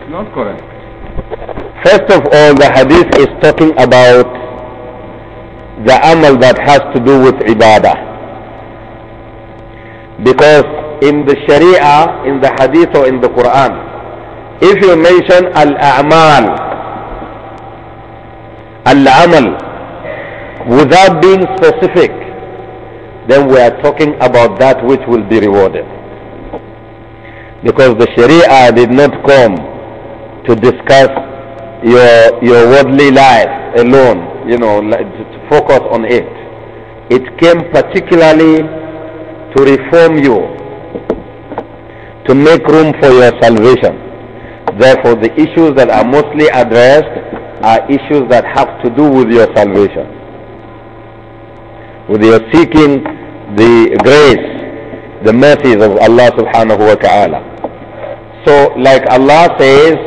It's not correct. First of all, the hadith is talking about the amal that has to do with ibadah. Because in the sharia, in the hadith or in the Quran, if you mention al-a'mal, al-amal, without being specific, then we are talking about that which will be rewarded. Because the Sharia did not come to discuss your, your worldly life alone, you know, to focus on it. It came particularly to reform you, to make room for your salvation. Therefore, the issues that are mostly addressed are issues that have to do with your salvation, with your seeking the grace, the mercies of Allah subhanahu wa ta'ala. So, like Allah says,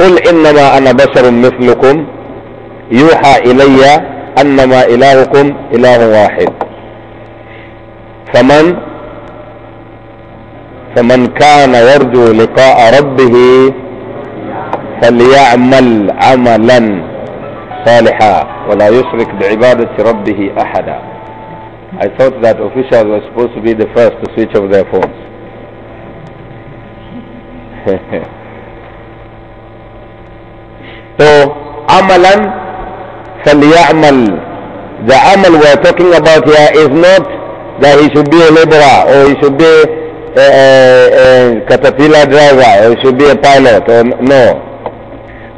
قل إنما أنا بشر مثلكم يوحى إلي أنما إلهكم إله واحد فمن فمن كان يرجو لقاء ربه فليعمل عملا صالحا ولا يشرك بعبادة ربه أحدا I thought that officials were supposed to be the first to switch off their phones. So, amalan فَلْيَعْمَلْ The amal we're talking about here is not that he should be a laborer or he should be a, a, a caterpillar driver or he should be a pilot or no.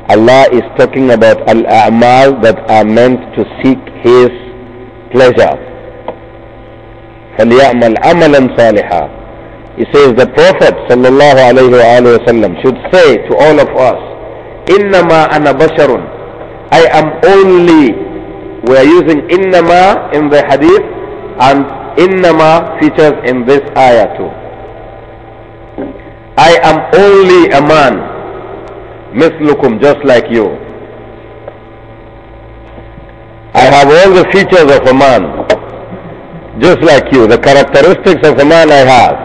Allah is talking about al-a'mal that are meant to seek his pleasure. فَلْيَعْمَلْ عَمَلًا صَالِحًا He says the Prophet sallallahu alayhi wa should say to all of us, innama ana basharun I am only we are using innama in the hadith and innama features in this ayah too I am only a man mislukum just like you I have all the features of a man just like you the characteristics of a man I have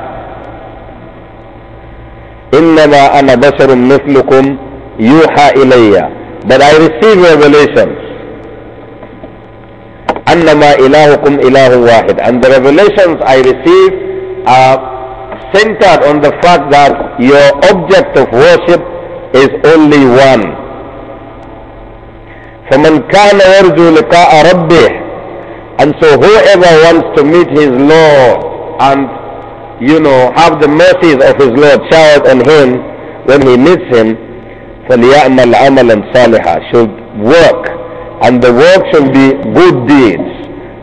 إنما أنا بشر مثلكم يوحى إلي but I receive revelations أنما إلهكم إله واحد and the revelations I receive are centered on the fact that your object of worship is only one فمن كان يرجو لقاء ربه and so whoever wants to meet his Lord and you know have the mercies of his Lord showered on him when he meets him فَلْيَعْمَلْ عَمَلًا صَالِحًا should work and the work should be good deeds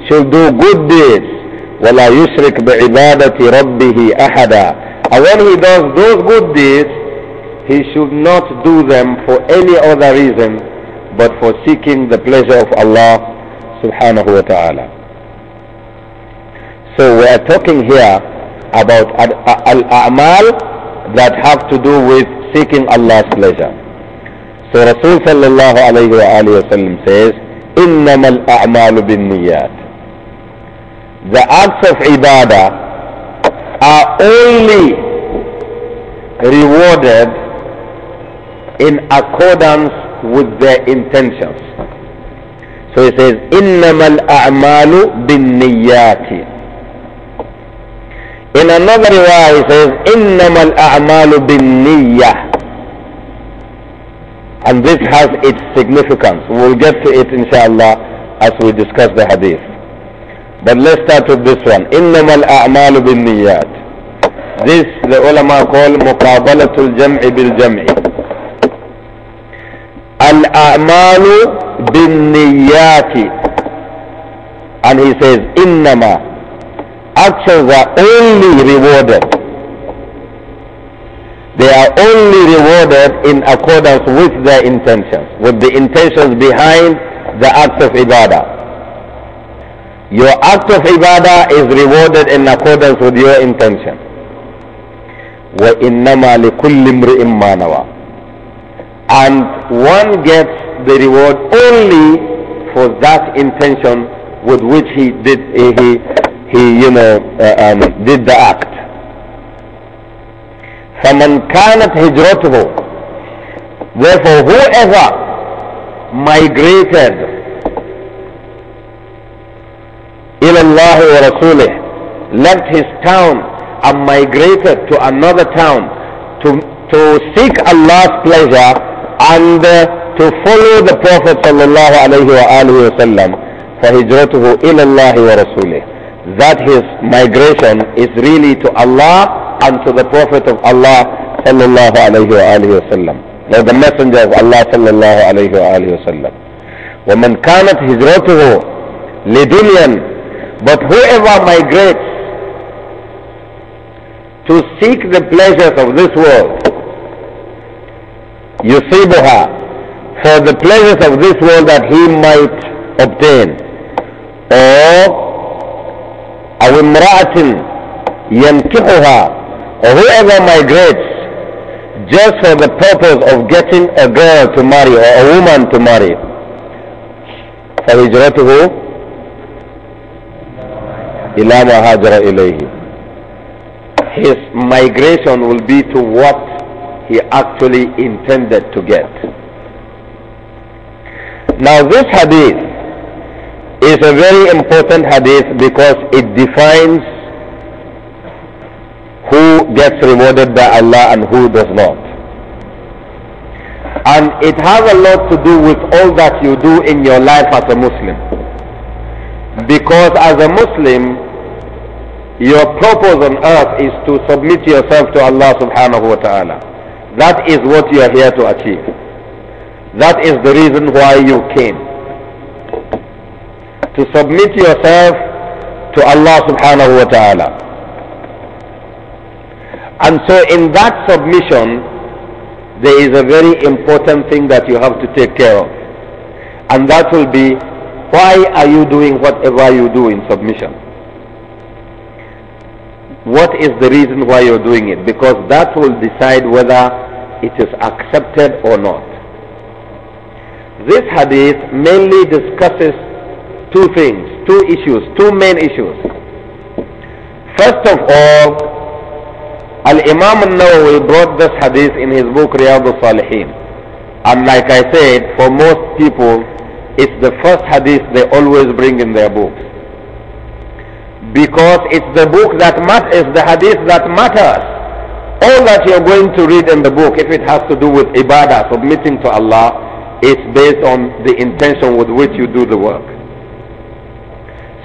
should do good deeds وَلَا يُشْرِكْ بِعِبَادَةِ رَبِّهِ أَحَدًا and when he does those good deeds he should not do them for any other reason but for seeking the pleasure of Allah subhanahu wa ta'ala so we are talking here about al-a'mal that have to do with seeking Allah's pleasure So Rasul sallallahu alayhi wa alayhi wa sallam says, إِنَّمَا الْأَعْمَالُ بِالنِّيَّاتِ The acts of ibadah are only rewarded in accordance with their intentions. So he says, إِنَّمَا الْأَعْمَالُ بِالنِّيَّاتِ In another way, he says, إِنَّمَا الْأَعْمَالُ بِالنِّيَّةِ And this has its significance. We'll get to it inshallah as we discuss the hadith. But let's start with this one. إِنَّمَا الْأَعْمَالُ بِالنِّيَّاتِ This the ulama call مُقَابَلَةُ الْجَمْعِ بِالْجَمْعِ الْأَعْمَالُ بِالنِّيَّاتِ And he says, إِنَّمَا Actions are only rewarded they are only rewarded in accordance with their intentions, with the intentions behind the act of ibadah. Your act of ibadah is rewarded in accordance with your intention. وَإِنَّمَا لِكُلِّ امْرِئٍ مَّا And one gets the reward only for that intention with which he did he he you know uh, um, did the act فَمَنْ كَانَتْ هِجْرَتُهُ Therefore, whoever migrated إِلَى اللَّهِ وَرَسُولِهِ left his town and migrated to another town to, to seek Allah's pleasure and uh, to follow the Prophet sallallahu alayhi wa sallam فَهِجْرَتُهُ إِلَى اللَّهِ وَرَسُولِهِ That his migration is really to Allah unto the Prophet of Allah sallallahu alayhi wa sallam. Now the Messenger of Allah sallallahu alayhi wa sallam. وَمَنْ كَانَتْ هِجْرَتُهُ لِدُنْيًا But whoever migrates to seek the pleasures of this world, يُصِيبُهَا For the pleasures of this world that he might obtain, or أَوْ امْرَأَةٍ يَنْكِحُهَا or whoever migrates just for the purpose of getting a girl to marry or a woman to marry. فهجرته إلى ما هاجر إليه. His migration will be to what he actually intended to get. Now this hadith is a very important hadith because it defines who gets rewarded by Allah and who does not. And it has a lot to do with all that you do in your life as a Muslim. Because as a Muslim, your purpose on earth is to submit yourself to Allah subhanahu wa ta'ala. That is what you are here to achieve. That is the reason why you came. To submit yourself to Allah subhanahu wa ta'ala. And so in that submission, there is a very important thing that you have to take care of. And that will be, why are you doing whatever you do in submission? What is the reason why you're doing it? Because that will decide whether it is accepted or not. This hadith mainly discusses two things, two issues, two main issues. First of all, Al-Imam al-Nawawi brought this hadith in his book Riyadh al-Salihin. And like I said, for most people, it's the first hadith they always bring in their books. Because it's the book that matters, the hadith that matters. All that you're going to read in the book, if it has to do with ibadah, submitting to Allah, is based on the intention with which you do the work.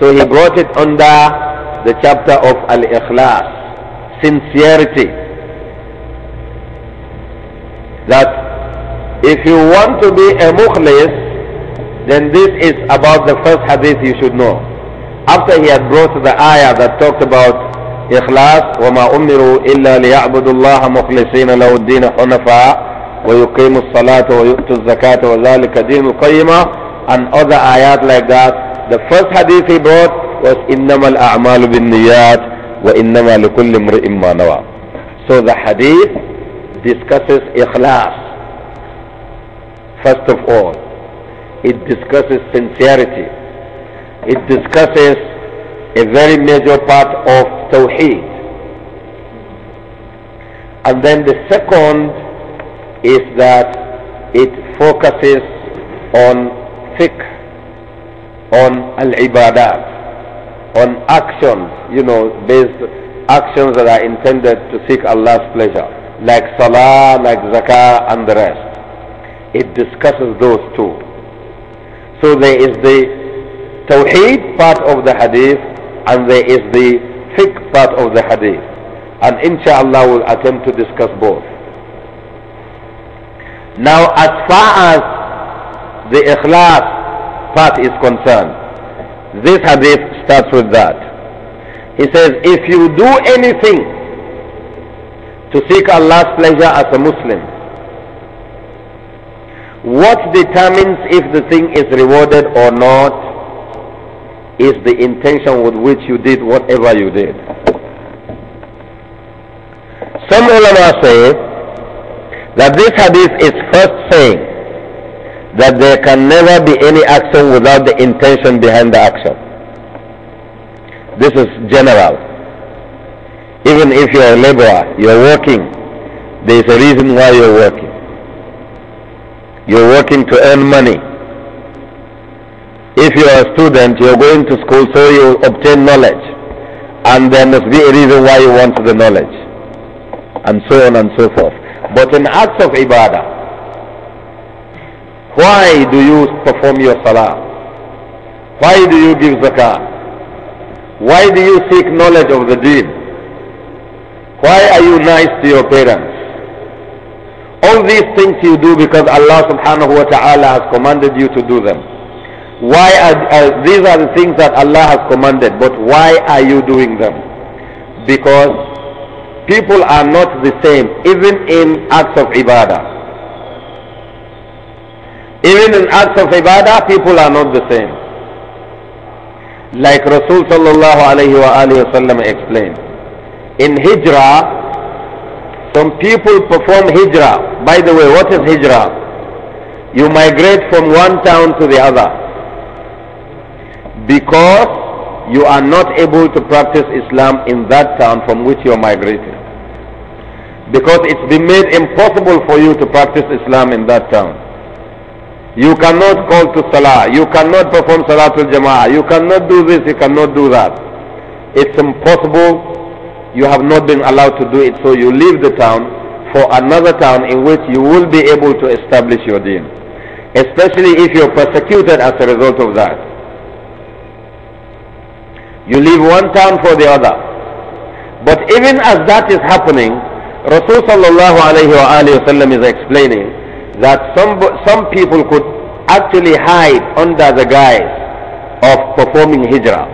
So he brought it under the chapter of Al-Ikhlas sincerity. That if you want to be a mukhlis, then this is about the first hadith you should know. After he had brought the ayah that talked about ikhlas, وما أمروا إلا ليعبدوا الله مخلصين له الدين حنفاء ويقيموا الصلاة ويؤتوا الزكاة وذلك دين القيمة and other ayat like that. The first hadith he brought was إنما الأعمال بالنيات وإنما لكل امرئ ما نوى so the hadith discusses ikhlas first of all it discusses sincerity it discusses a very major part of tawheed and then the second is that it focuses on fiqh on al-ibadat on actions, you know, based actions that are intended to seek Allah's pleasure, like salah, like zakah, and the rest. It discusses those two. So there is the tawheed part of the hadith, and there is the fiqh part of the hadith. And inshallah we'll attempt to discuss both. Now as far as the ikhlas part is concerned, this hadith starts with that. He says, if you do anything to seek Allah's pleasure as a Muslim, what determines if the thing is rewarded or not is the intention with which you did whatever you did. Some ulama say that this hadith is first saying that there can never be any action without the intention behind the action. This is general. Even if you're a laborer, you're working, there is a reason why you're working. You're working to earn money. If you're a student, you're going to school so you obtain knowledge. And there must be a reason why you want the knowledge. And so on and so forth. But in acts of ibadah, why do you perform your salah? Why do you give zakah? Why do you seek knowledge of the deen? Why are you nice to your parents? All these things you do because Allah subhanahu wa ta'ala has commanded you to do them. Why are, uh, these are the things that Allah has commanded, but why are you doing them? Because people are not the same even in acts of ibadah. Even in acts of ibadah, people are not the same. Like Rasul sallallahu alayhi wa alayhi wa explained. In hijrah, some people perform hijrah. By the way, what is hijrah? You migrate from one town to the other. Because you are not able to practice Islam in that town from which you are migrating. Because it's been made impossible for you to practice Islam in that town. You cannot call to salah. You cannot perform salatul jama'ah. You cannot do this. You cannot do that. It's impossible. You have not been allowed to do it. So you leave the town for another town in which you will be able to establish your deen. Especially if you're persecuted as a result of that. You leave one town for the other. But even as that is happening, Rasulullah sallallahu alayhi wa is explaining that some, some people could actually hide under the guise of performing hijrah.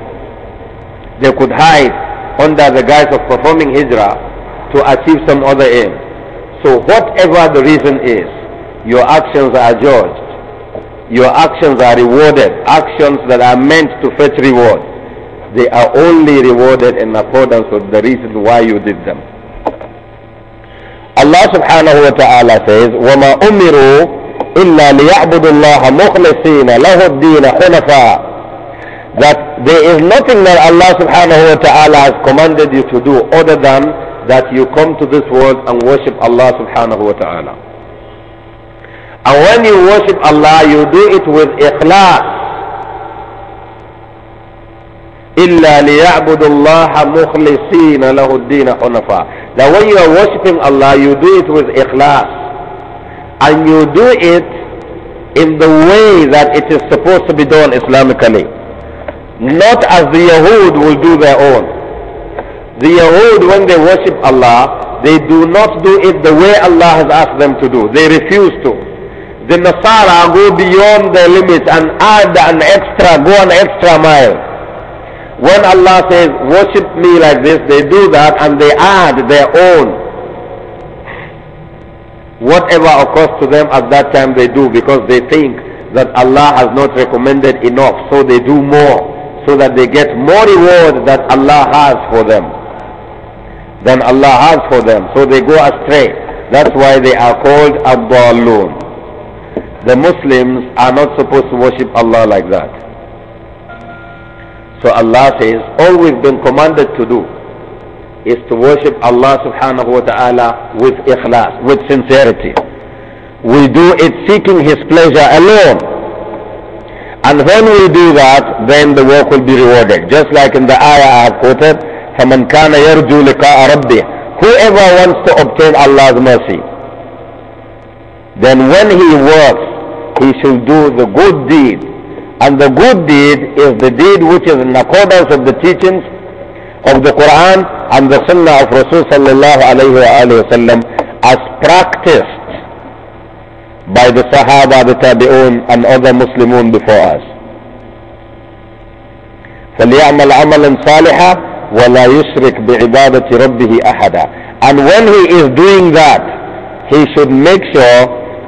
They could hide under the guise of performing hijrah to achieve some other aim. So whatever the reason is, your actions are judged. Your actions are rewarded. Actions that are meant to fetch reward. They are only rewarded in accordance with the reason why you did them. Allah subhanahu wa ta'ala says, وَمَا أُمِرُوا إِلَّا لِيَعْبُدُ اللَّهَ مُخْلِصِينَ لَهُ الدِّينَ That there is nothing that Allah subhanahu wa ta'ala has commanded you to do other than that you come to this world and worship Allah subhanahu wa ta'ala. And when you worship Allah, you do it with ikhlas. إلا ليعبدوا الله مخلصين له الدين حنفاء Now when you are worshipping Allah, you do it with ikhlas. And you do it in the way that it is supposed to be done Islamically. Not as the Yahud will do their own. The Yahud, when they worship Allah, they do not do it the way Allah has asked them to do. They refuse to the Nasara go beyond their limits and add an extra, go an extra mile. When Allah says, worship me like this, they do that and they add their own. Whatever occurs to them at that time they do because they think that Allah has not recommended enough. So they do more so that they get more reward that Allah has for them than Allah has for them. So they go astray. That's why they are called Abdallun. The Muslims are not supposed to worship Allah like that. So Allah says, all we've been commanded to do is to worship Allah subhanahu wa ta'ala with ikhlas, with sincerity. We do it seeking His pleasure alone. And when we do that, then the work will be rewarded. Just like in the ayah I have quoted, فَمَنْ كَانَ يَرْجُو لِقَاءَ رَبِّهِ Whoever wants to obtain Allah's mercy, then when he works, he shall do the good deed and the good deed is the deed which is in accordance with the teachings of the Quran and the Sunnah of Rasul sallallahu alayhi wa sallam as practiced by the Sahaba, the Tabi'un and other Muslimun before us. فليعمل عملا صالحا ولا يشرك بعبادة ربه أحدا and when he is doing that he should make sure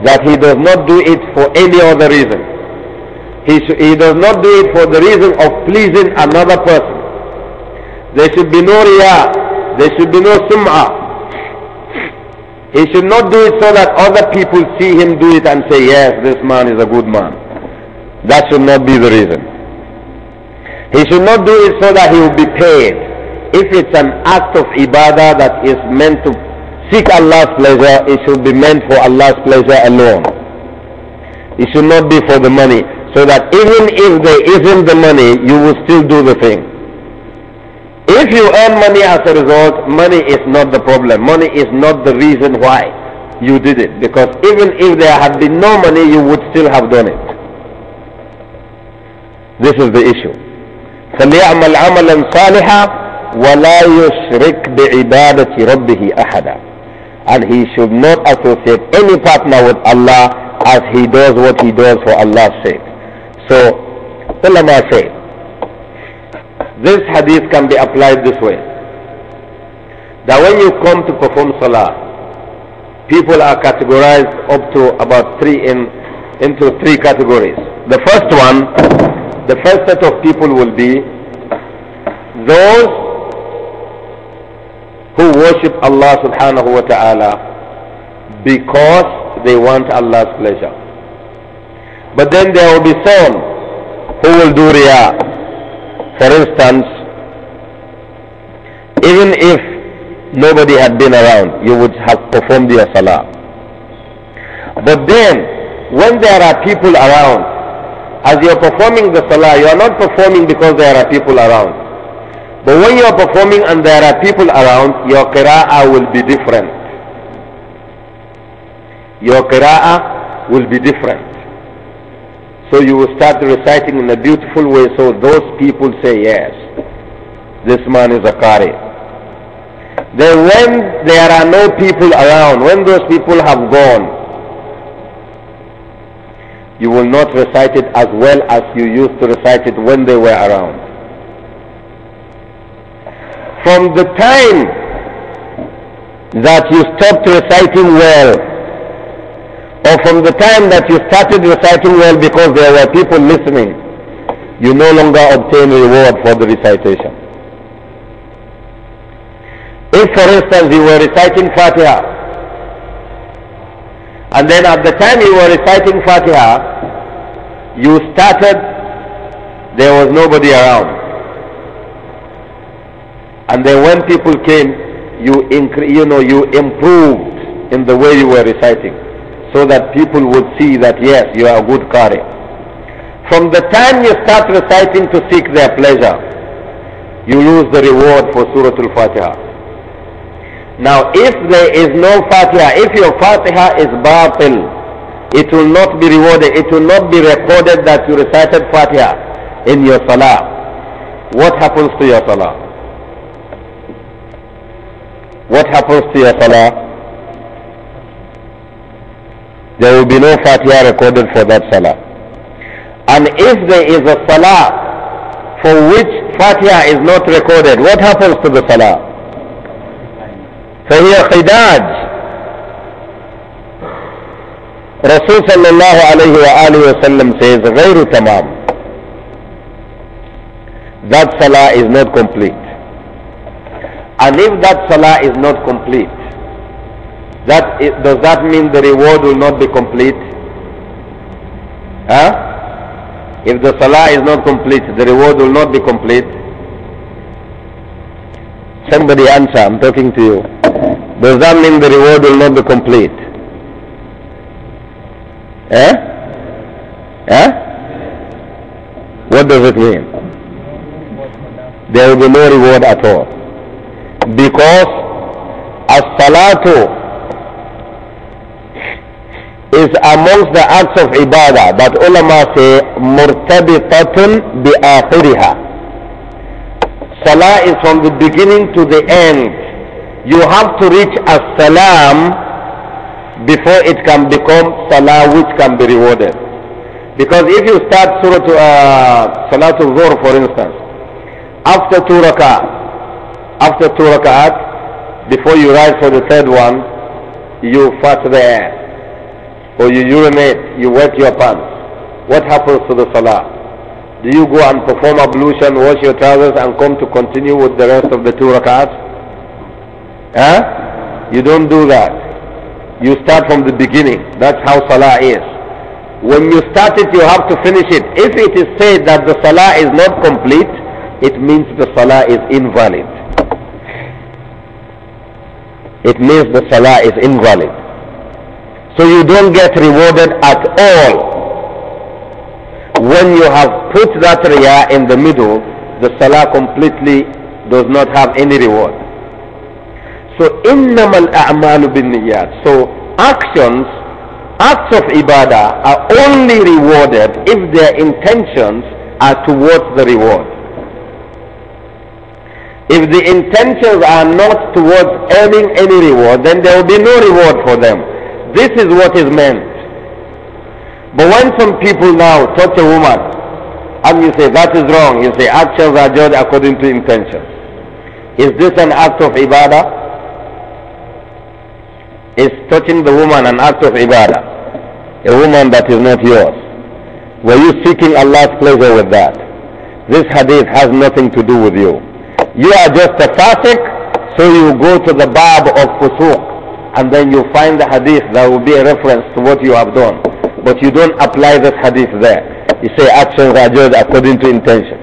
that he does not do it for any other reason he, he does not do it for the reason of pleasing another person. There should be no riyah. There should be no sum'ah. He should not do it so that other people see him do it and say, yes, this man is a good man. That should not be the reason. He should not do it so that he will be paid. If it's an act of ibadah that is meant to seek Allah's pleasure, it should be meant for Allah's pleasure alone. It should not be for the money so that even if there isn't the money, you will still do the thing. If you earn money as a result, money is not the problem. Money is not the reason why you did it. Because even if there had been no money, you would still have done it. This is the issue. فليعمل عملا صالحا ولا يشرك بعبادة ربه أحدا and he should not associate any partner with Allah as he does what he does for Allah's sake. So, ulama say, this hadith can be applied this way. That when you come to perform salah, people are categorized up to about three in, into three categories. The first one, the first set of people will be those who worship Allah subhanahu wa ta'ala because they want Allah's pleasure. But then there will be some who will do riyah. For instance, even if nobody had been around, you would have performed your salah. But then, when there are people around, as you are performing the salah, you are not performing because there are people around. But when you are performing and there are people around, your qira'ah will be different. Your qira'ah will be different. So you will start reciting in a beautiful way so those people say, yes, this man is a Qari. Then when there are no people around, when those people have gone, you will not recite it as well as you used to recite it when they were around. From the time that you stopped reciting well, or from the time that you started reciting well because there were people listening, you no longer obtain reward for the recitation. If, for instance, you were reciting Fatiha, and then at the time you were reciting Fatiha, you started, there was nobody around. And then when people came, you, incre- you know, you improved in the way you were reciting so that people would see that yes, you are a good Qari. From the time you start reciting to seek their pleasure, you lose the reward for Surah Al-Fatiha. Now if there is no Fatiha, if your Fatiha is batil, it will not be rewarded, it will not be recorded that you recited Fatiha in your Salah. What happens to your Salah? What happens to your Salah? There will be no Fatiha recorded for that salah. And if there is a salah for which Fatiha is not recorded, what happens to the salah? فهي خداج Rasul sallallahu alayhi wa alayhi wa says غير تمام That salah is not complete. And if that salah is not complete, that does that mean the reward will not be complete? Huh? If the salah is not complete, the reward will not be complete. Somebody answer, I'm talking to you. Does that mean the reward will not be complete? Eh? Eh? What does it mean? There will be no reward at all. Because as-salatu is amongst the acts of ibadah that ulama say murtabitatun bi akhiriha. Salah is from the beginning to the end. You have to reach a salam before it can become salah which can be rewarded. Because if you start Surah to, uh, Salatul Dhuhr for instance, after two rak'ah, after two rak'at, before you rise for the third one, you fast there or you urinate, you wet your pants. What happens to the salah? Do you go and perform ablution, wash your trousers and come to continue with the rest of the two rakats? Huh? You don't do that. You start from the beginning. That's how salah is. When you start it, you have to finish it. If it is said that the salah is not complete, it means the salah is invalid. It means the salah is invalid. So you don't get rewarded at all. When you have put that riyah in the middle, the salah completely does not have any reward. So innamal a'malu bin niyyat. So actions, acts of ibadah are only rewarded if their intentions are towards the reward. If the intentions are not towards earning any reward, then there will be no reward for them. This is what is meant. But when some people now touch a woman and you say that is wrong, you say actions are judged according to intention. Is this an act of ibadah? Is touching the woman an act of ibadah? A woman that is not yours. Were you seeking Allah's pleasure with that? This hadith has nothing to do with you. You are just a fasiq, so you go to the bab of fusuq and then you find the hadith that will be a reference to what you have done. But you don't apply that hadith there. You say actions are judged according to intention.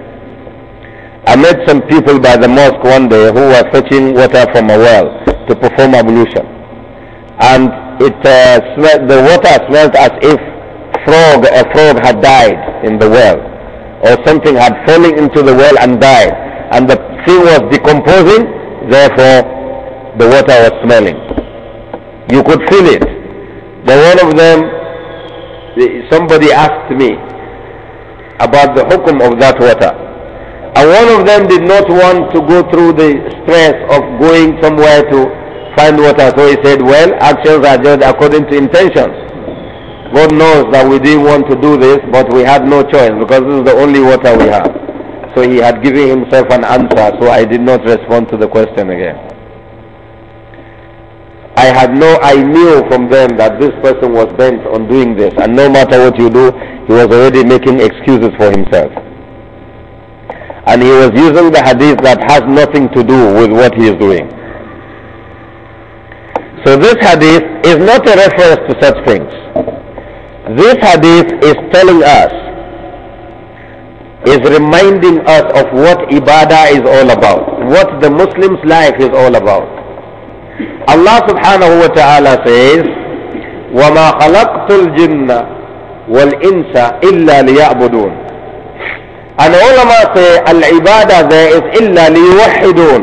I met some people by the mosque one day who were fetching water from a well to perform ablution. And it uh, the water smelled as if frog, a frog had died in the well. Or something had fallen into the well and died. And the thing was decomposing, therefore the water was smelling. You could feel it. But one of them, somebody asked me about the hukum of that water. And one of them did not want to go through the stress of going somewhere to find water. So he said, well, actions are judged according to intentions. God knows that we didn't want to do this, but we had no choice because this is the only water we have. So he had given himself an answer, so I did not respond to the question again. I had no, I knew from them that this person was bent on doing this, and no matter what you do, he was already making excuses for himself. And he was using the hadith that has nothing to do with what he is doing. So this hadith is not a reference to such things. This hadith is telling us, is reminding us of what ibadah is all about, what the Muslim's life is all about. Allah subhanahu wa ta'ala says, وَمَا خَلَقْتُ الْجِنَّ وَالْإِنسَ إِلَّا لِيَعْبُدُونَ And ulama say, al-ibadah there is إِلَّا لِيُوَحِّدُونَ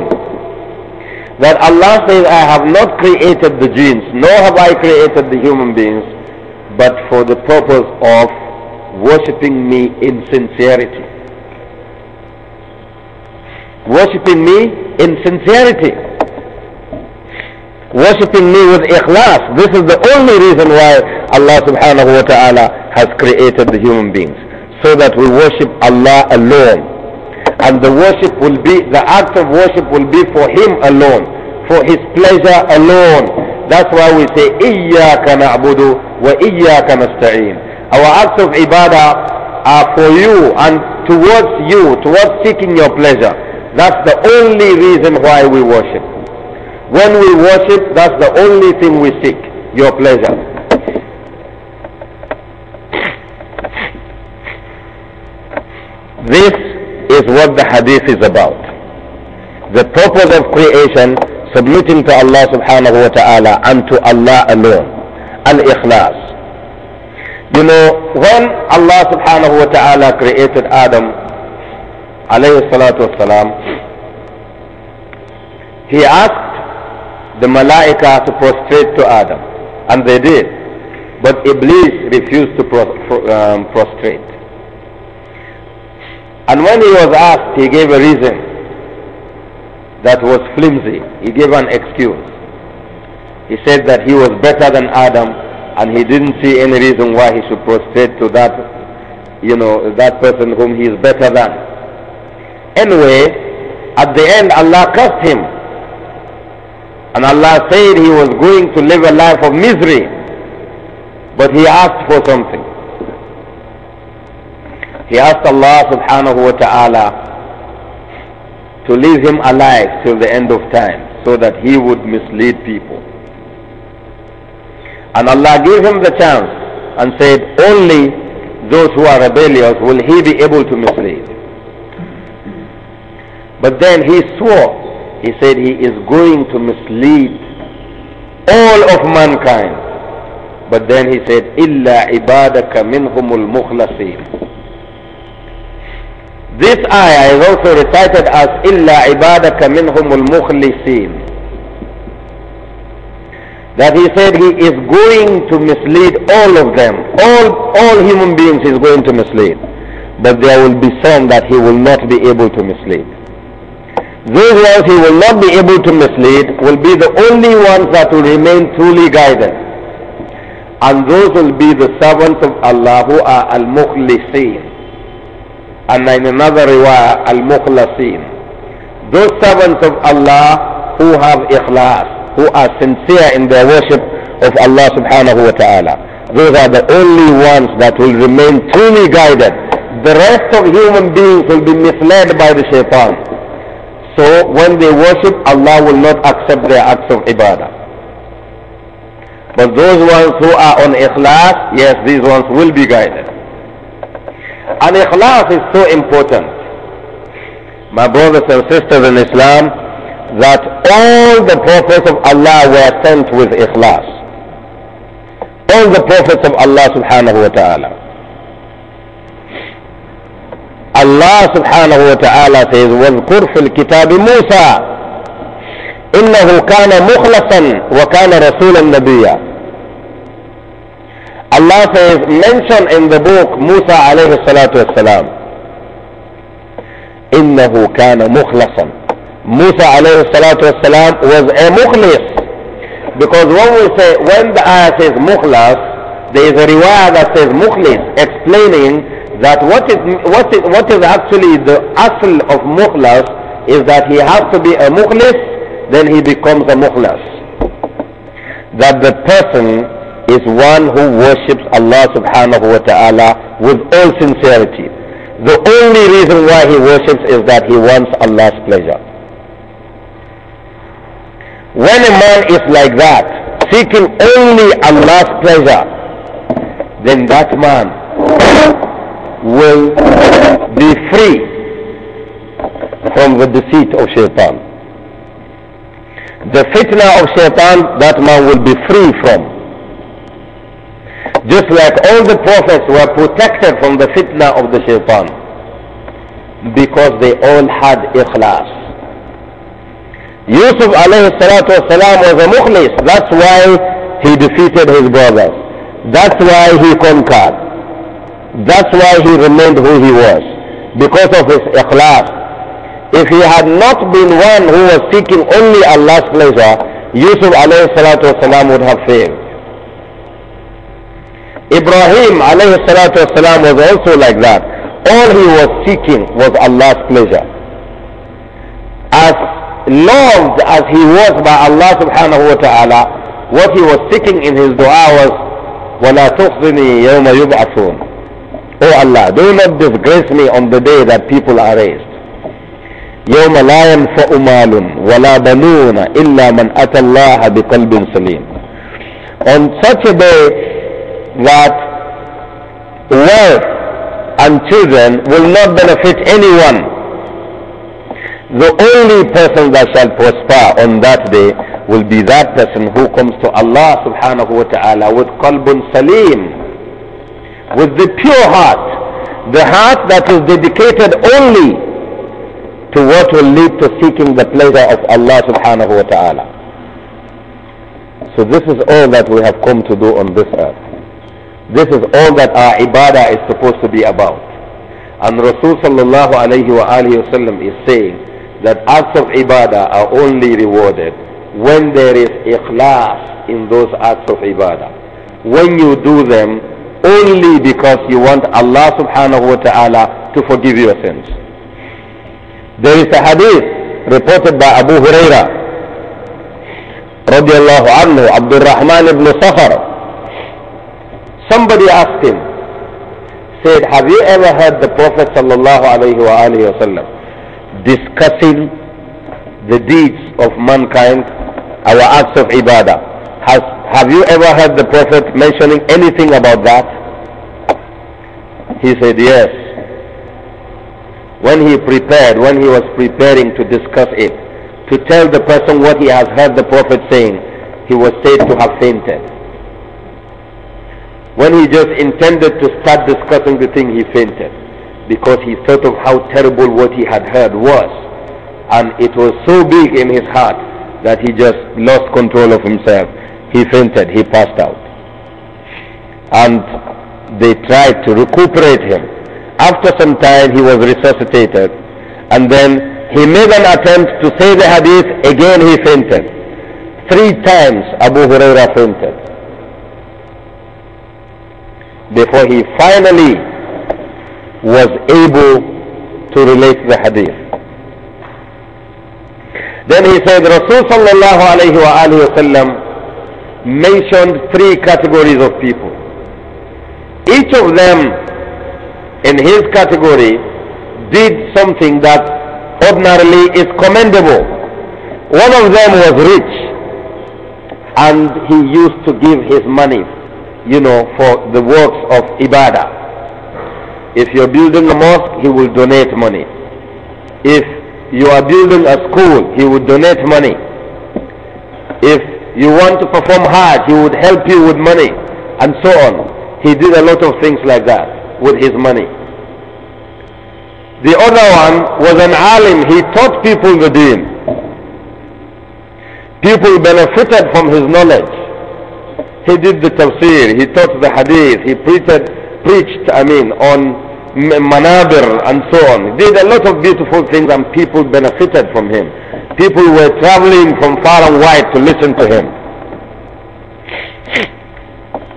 That Allah says, I have not created the jinn, nor have I created the human beings, but for the purpose of worshipping me in sincerity. Worshipping me in sincerity worshipping me with ikhlas. This is the only reason why Allah subhanahu wa ta'ala has created the human beings. So that we worship Allah alone. And the worship will be, the act of worship will be for Him alone. For His pleasure alone. That's why we say, إِيَّاكَ نَعْبُدُ وَإِيَّاكَ نَسْتَعِينَ Our acts of ibadah are for you and towards you, towards seeking your pleasure. That's the only reason why we worship. When we worship, that's the only thing we seek, your pleasure. This is what the hadith is about. The purpose of creation, submitting to Allah subhanahu wa ta'ala and to Allah alone. Al-Ikhlas. You know, when Allah subhanahu wa ta'ala created Adam, alayhi salatu wasalam, he asked the malaika to prostrate to Adam. And they did. But Iblis refused to pro, pro, um, prostrate. And when he was asked, he gave a reason that was flimsy. He gave an excuse. He said that he was better than Adam and he didn't see any reason why he should prostrate to that, you know, that person whom he is better than. Anyway, at the end Allah cursed him and Allah said he was going to live a life of misery, but he asked for something. He asked Allah subhanahu wa ta'ala to leave him alive till the end of time so that he would mislead people. And Allah gave him the chance and said, only those who are rebellious will he be able to mislead. But then he swore he said he is going to mislead all of mankind. But then he said, "Illa عِبَادَكَ minhumul الْمُخْلَصِينَ This ayah is also recited as "Illa عِبَادَكَ minhumul الْمُخْلِصِينَ That he said he is going to mislead all of them. All, all human beings he is going to mislead. But there will be some that he will not be able to mislead. Those ones he will not be able to mislead will be the only ones that will remain truly guided. And those will be the servants of Allah who are al-mukhlisin. And in another riwayah, al-mukhlasin. Those servants of Allah who have ikhlas, who are sincere in their worship of Allah subhanahu wa ta'ala. Those are the only ones that will remain truly guided. The rest of human beings will be misled by the shaitan. So when they worship, Allah will not accept their acts of ibadah. But those ones who are on ikhlas, yes, these ones will be guided. And ikhlas is so important. My brothers and sisters in Islam, that all the prophets of Allah were sent with ikhlas. All the prophets of Allah subhanahu wa ta'ala. الله سبحانه وتعالى says واذكر في الكتاب موسى إنه كان مخلصا وكان رسولا نبيا Allah says mention in the book موسى عليه الصلاة والسلام إنه كان مخلصا موسى عليه الصلاة والسلام was a مخلص because when we say when the ayah says مخلص there is a riwayah that says مخلص explaining that what is, what is, what is actually the asl of mukhlas is that he has to be a mukhlis, then he becomes a mukhlas. That the person is one who worships Allah subhanahu wa ta'ala with all sincerity. The only reason why he worships is that he wants Allah's pleasure. When a man is like that, seeking only Allah's pleasure, then that man will be free from the deceit of shaitan. The fitna of shaitan, that man will be free from. Just like all the prophets were protected from the fitna of the shaitan. Because they all had ikhlas. Yusuf alayhi salatu wasalam was a mukhlis. That's why he defeated his brothers. That's why he conquered. That's why he remained who he was, because of his ikhlas. If he had not been one who was seeking only Allah's pleasure, Yusuf alayhi salatu wasalam would have failed. Ibrahim alayhi salatu wasalam was also like that. All he was seeking was Allah's pleasure. As loved as he was by Allah subhanahu wa ta'ala, what he was seeking in his dua was, وَلَا تُخْزِنِي يَوْمَ يُبْعَثُونَ O Allah, do not disgrace me on the day that people are raised. يوم لا ينفع مال ولا بنون إلا من أتى الله بقلب سليم. On such a day that wealth and children will not benefit anyone. The only person that shall prosper on that day will be that person who comes to Allah subhanahu wa ta'ala with qalbun salim with the pure heart, the heart that is dedicated only to what will lead to seeking the pleasure of Allah subhanahu wa ta'ala. So this is all that we have come to do on this earth. This is all that our ibadah is supposed to be about. And Rasul sallallahu alayhi wa alayhi wa is saying that acts of ibadah are only rewarded when there is ikhlas in those acts of ibadah. When you do them only because you want Allah subhanahu wa ta'ala to forgive your sins. There is a hadith reported by Abu Huraira رضي الله عنه عبد الرحمن ibn Safar. Somebody asked him, said, have you ever heard the Prophet sallallahu alayhi wa alayhi wa discussing the deeds of mankind, our acts of ibadah? Has have you ever heard the Prophet mentioning anything about that? He said, Yes. When he prepared, when he was preparing to discuss it, to tell the person what he has heard the Prophet saying, he was said to have fainted. When he just intended to start discussing the thing, he fainted because he thought of how terrible what he had heard was. And it was so big in his heart that he just lost control of himself he fainted, he passed out. And they tried to recuperate him. After some time, he was resuscitated. And then he made an attempt to say the hadith, again he fainted. Three times Abu Huraira fainted. Before he finally was able to relate the hadith. Then he said, Rasul sallallahu alayhi wa alayhi wa sallam, mentioned three categories of people. Each of them in his category did something that ordinarily is commendable. One of them was rich and he used to give his money, you know, for the works of ibadah. If you're building a mosque, he will donate money. If you are building a school, he will donate money. If you want to perform hard, he would help you with money and so on. He did a lot of things like that with his money. The other one was an alim. He taught people the deen. People benefited from his knowledge. He did the tafsir, he taught the hadith, he preached, preached I mean, on manabir and so on. He did a lot of beautiful things and people benefited from him. People were traveling from far and wide to listen to him.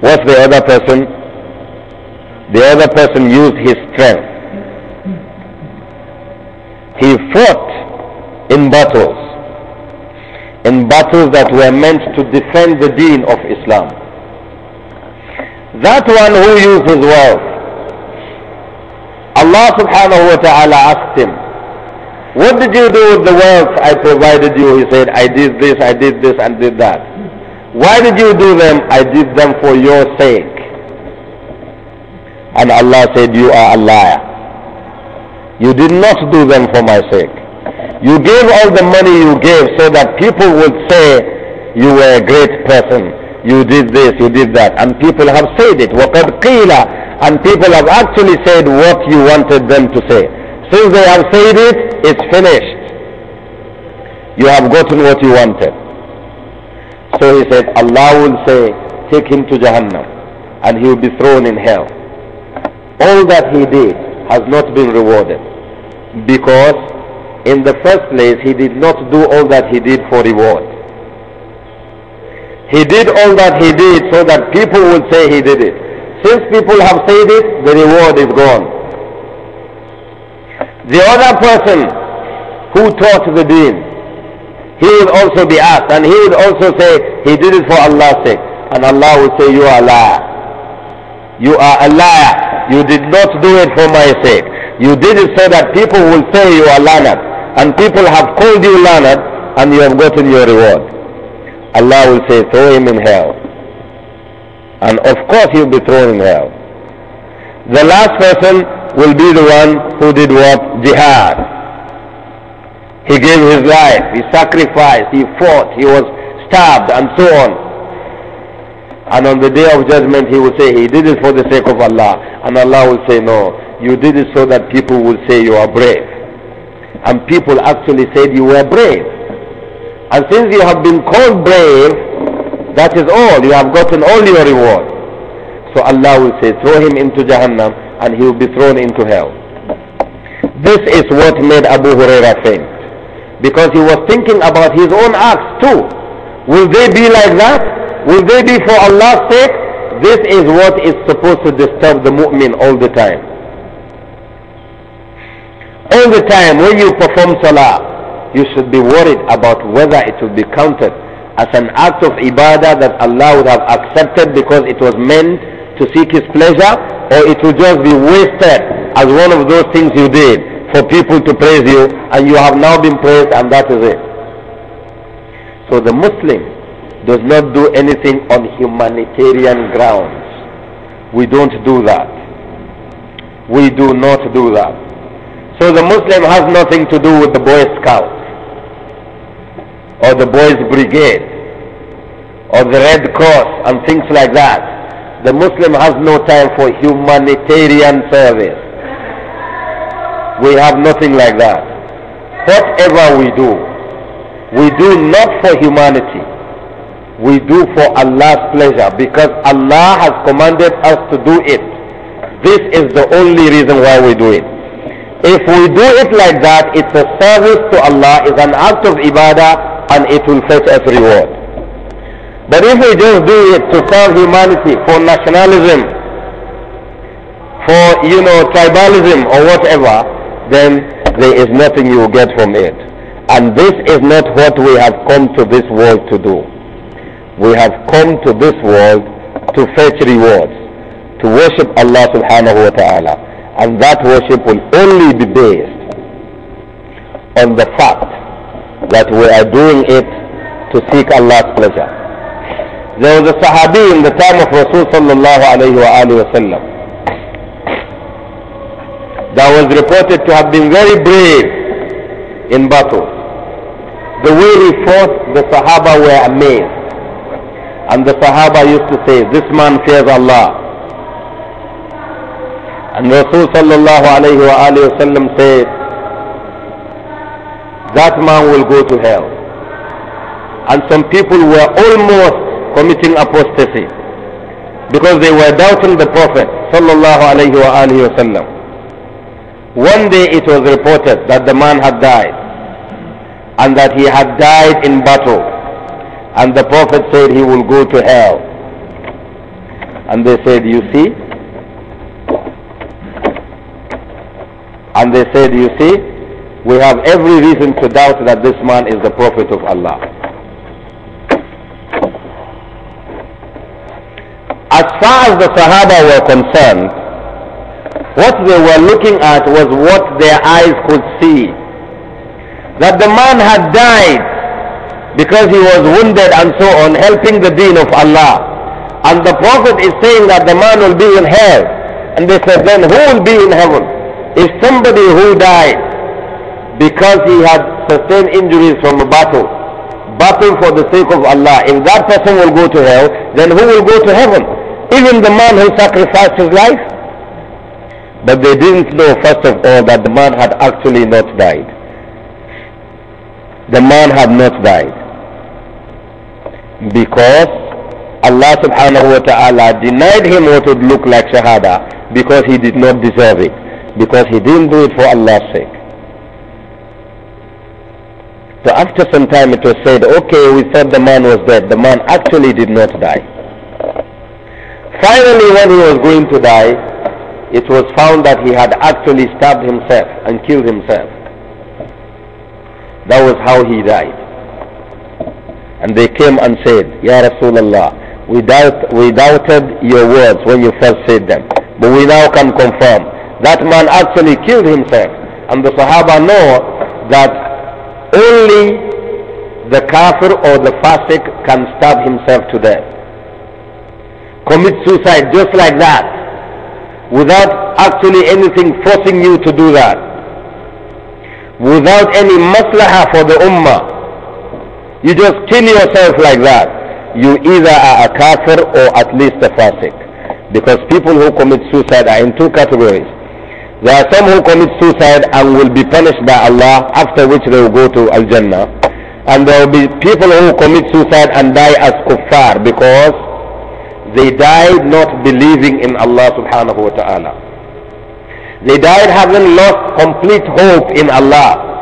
What's the other person? The other person used his strength. He fought in battles, in battles that were meant to defend the deen of Islam. That one who used his wealth, Allah subhanahu wa ta'ala asked him, what did you do with the wealth I provided you? He said, I did this, I did this, and did that. Why did you do them? I did them for your sake. And Allah said, you are a liar. You did not do them for my sake. You gave all the money you gave so that people would say you were a great person. You did this, you did that. And people have said it. وَقَدْ قِيلَ And people have actually said what you wanted them to say. Since they have said it, it's finished. You have gotten what you wanted. So he said, Allah will say, take him to Jahannam and he will be thrown in hell. All that he did has not been rewarded because in the first place he did not do all that he did for reward. He did all that he did so that people would say he did it. Since people have said it, the reward is gone. The other person who taught the deen, he will also be asked and he will also say, he did it for Allah's sake. And Allah will say, you are a liar. You are a liar. You did not do it for my sake. You did it so that people will say you are liar, And people have called you liar, and you have gotten your reward. Allah will say, throw him in hell. And of course he'll be thrown in hell. The last person will be the one who did what? Jihad. He gave his life, he sacrificed, he fought, he was stabbed and so on. And on the day of judgment he will say he did it for the sake of Allah. And Allah will say no, you did it so that people will say you are brave. And people actually said you were brave. And since you have been called brave, that is all. You have gotten all your reward. So Allah will say, throw him into Jahannam and he will be thrown into hell. This is what made Abu Huraira faint. Because he was thinking about his own acts too. Will they be like that? Will they be for Allah's sake? This is what is supposed to disturb the mu'min all the time. All the time when you perform salah, you should be worried about whether it will be counted as an act of ibadah that Allah would have accepted because it was meant to seek his pleasure or it will just be wasted as one of those things you did for people to praise you and you have now been praised and that is it. So the Muslim does not do anything on humanitarian grounds. We don't do that. We do not do that. So the Muslim has nothing to do with the Boy Scouts or the Boys Brigade or the Red Cross and things like that. The Muslim has no time for humanitarian service. We have nothing like that. Whatever we do, we do not for humanity. We do for Allah's pleasure because Allah has commanded us to do it. This is the only reason why we do it. If we do it like that, it's a service to Allah, it's an act of ibadah, and it will fetch us reward. But if we just do it to serve humanity, for nationalism, for, you know, tribalism or whatever, then there is nothing you will get from it. And this is not what we have come to this world to do. We have come to this world to fetch rewards, to worship Allah subhanahu wa ta'ala. And that worship will only be based on the fact that we are doing it to seek Allah's pleasure. There was a Sahabi in the time of Rasul sallallahu alayhi wa that was reported to have been very brave in battle. The way he fought, the Sahaba were amazed. And the Sahaba used to say, this man fears Allah. And Rasul sallallahu alayhi wa said, that man will go to hell. And some people were almost committing apostasy because they were doubting the Prophet sallallahu alayhi wa One day it was reported that the man had died and that he had died in battle and the Prophet said he will go to hell. And they said, you see? And they said, you see, we have every reason to doubt that this man is the Prophet of Allah. as far as the Sahaba were concerned, what they were looking at was what their eyes could see. That the man had died because he was wounded and so on, helping the deen of Allah. And the Prophet is saying that the man will be in hell. And they said, then who will be in heaven? If somebody who died because he had sustained injuries from a battle, battle for the sake of Allah, if that person will go to hell, then who will go to heaven? even the man who sacrificed his life. But they didn't know, first of all, that the man had actually not died. The man had not died. Because Allah subhanahu wa ta'ala denied him what would look like shahada because he did not deserve it. Because he didn't do it for Allah's sake. So after some time it was said, okay, we thought the man was dead. The man actually did not die. Finally, when he was going to die, it was found that he had actually stabbed himself and killed himself. That was how he died. And they came and said, Ya Rasulullah, we, doubt, we doubted your words when you first said them. But we now can confirm that man actually killed himself. And the Sahaba know that only the kafir or the fasik can stab himself to death commit suicide just like that without actually anything forcing you to do that without any maslahah for the ummah you just kill yourself like that you either are a kafir or at least a fasik because people who commit suicide are in two categories there are some who commit suicide and will be punished by Allah after which they will go to Al-Jannah and there will be people who commit suicide and die as kuffar because they died not believing in Allah subhanahu wa ta'ala. They died having lost complete hope in Allah.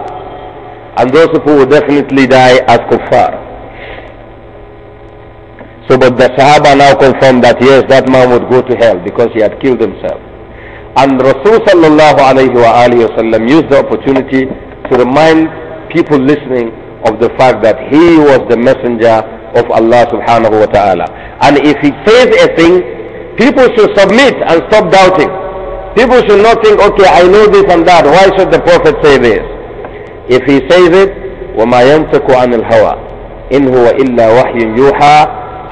And those who will definitely die as kuffar. So, but the Sahaba now confirmed that yes, that man would go to hell because he had killed himself. And Rasulullah sallallahu used the opportunity to remind people listening of the fact that he was the messenger of Allah subhanahu wa ta'ala. And if he says a thing, people should submit and stop doubting. People should not think, okay, I know this and that, why should the Prophet say this? If he says it, وَمَا يَنْتَكُ عَنِ الْهَوَىٰ إِنْ هُوَ إِلَّا وَحْيٌ يُوحَىٰ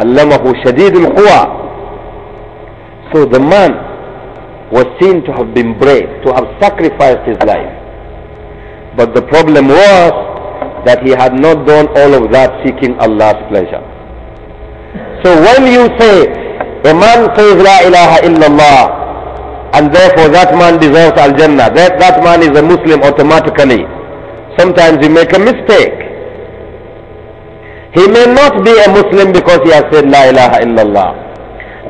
عَلَّمَهُ شَدِيدُ الْقُوَىٰ So the man was seen to have been brave, to have sacrificed his life. But the problem was that he had not done all of that seeking Allah's pleasure. So when you say, a man says La ilaha illallah, and therefore that man deserves Al-Jannah, that, that man is a Muslim automatically, sometimes you make a mistake. He may not be a Muslim because he has said La ilaha illallah.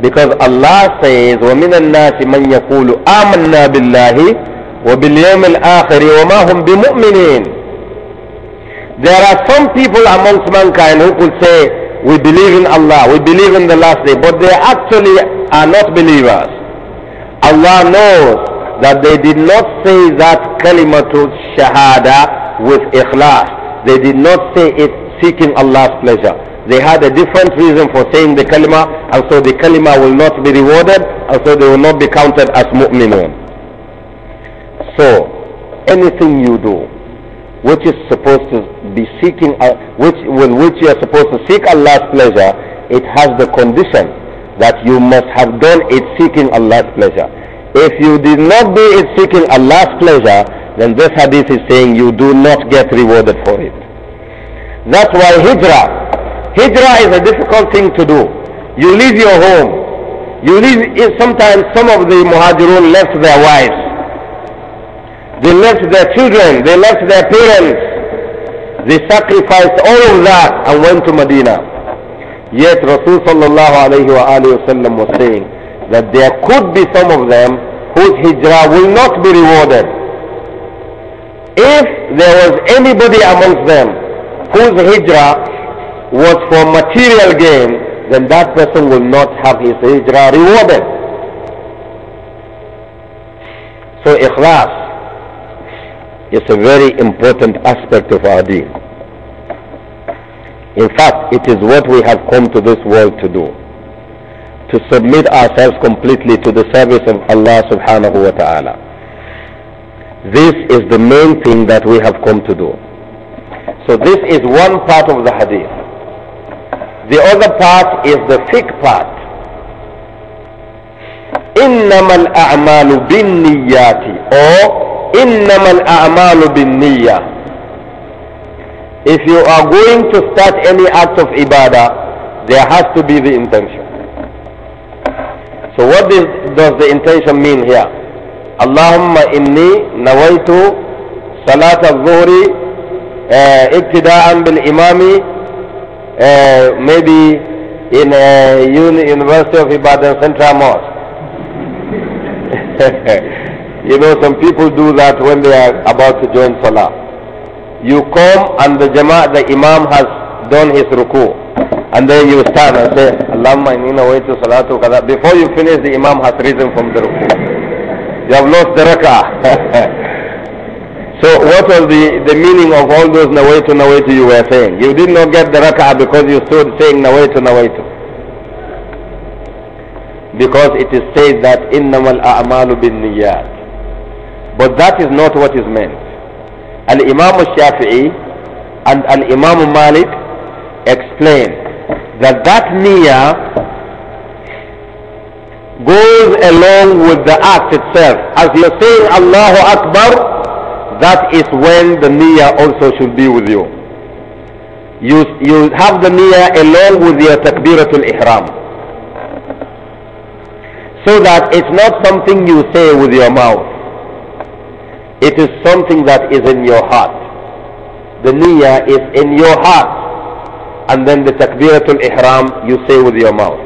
Because Allah says, وَمِنَ النَّاسِ مَنْ يَقُولُ آمَنَّا بِاللَّهِ وَبِالْيَوْمِ الْآخِرِ وَمَا هُمْ بِمُؤْمِنِينَ there are some people amongst mankind who could say, we believe in Allah, we believe in the last day, but they actually are not believers. Allah knows that they did not say that kalimatul shahada with ikhlas. They did not say it seeking Allah's pleasure. They had a different reason for saying the kalima, and so the kalima will not be rewarded, and so they will not be counted as mu'minun. So, anything you do, which is supposed to be seeking, uh, which, with which you are supposed to seek Allah's pleasure, it has the condition that you must have done it seeking Allah's pleasure. If you did not do it seeking Allah's pleasure, then this hadith is saying you do not get rewarded for it. That's why hijrah. Hijrah is a difficult thing to do. You leave your home. You leave, sometimes some of the muhajirun left their wives. They left their children. They left their parents. They sacrificed all of that and went to Medina. Yet Rasul sallallahu alayhi wa was saying that there could be some of them whose hijrah will not be rewarded. If there was anybody amongst them whose hijrah was for material gain, then that person will not have his hijrah rewarded. So ikhlas is a very important aspect of our deen. In fact, it is what we have come to this world to do. To submit ourselves completely to the service of Allah subhanahu wa ta'ala. This is the main thing that we have come to do. So this is one part of the hadith. The other part is the thick part. إنما الأعمال بالنيات or innamal a'malu bin If you are going to start any act of ibadah, there has to be the intention. So what is, does the intention mean here? Allahumma inni nawaitu salat al-zuhri uh, iktida'an bil imami uh, maybe in a uh, University of ibadah Central Mosque. You know, some people do that when they are about to join Salah. You come and the the Imam has done his ruku. And then you stand and say, Allahumma inina wa itu salatu kada. Before you finish, the Imam has risen from the ruku. You have lost the rak'ah. So what was the, the meaning of all those nawaitu nawaitu you were saying? You did not get the rak'ah because you stood saying nawaitu nawaitu. Because it is said that innamal a'malu bin niyyat. But that is not what is meant. Al-Imam al-Shafi'i and Al-Imam Malik explain that that niyyah goes along with the act itself. As you're saying Allahu Akbar, that is when the niyyah also should be with you. You, you have the niyyah along with your takbiratul ihram. So that it's not something you say with your mouth. It is something that is in your heart. The niyyah is in your heart. And then the takbiratul ihram you say with your mouth.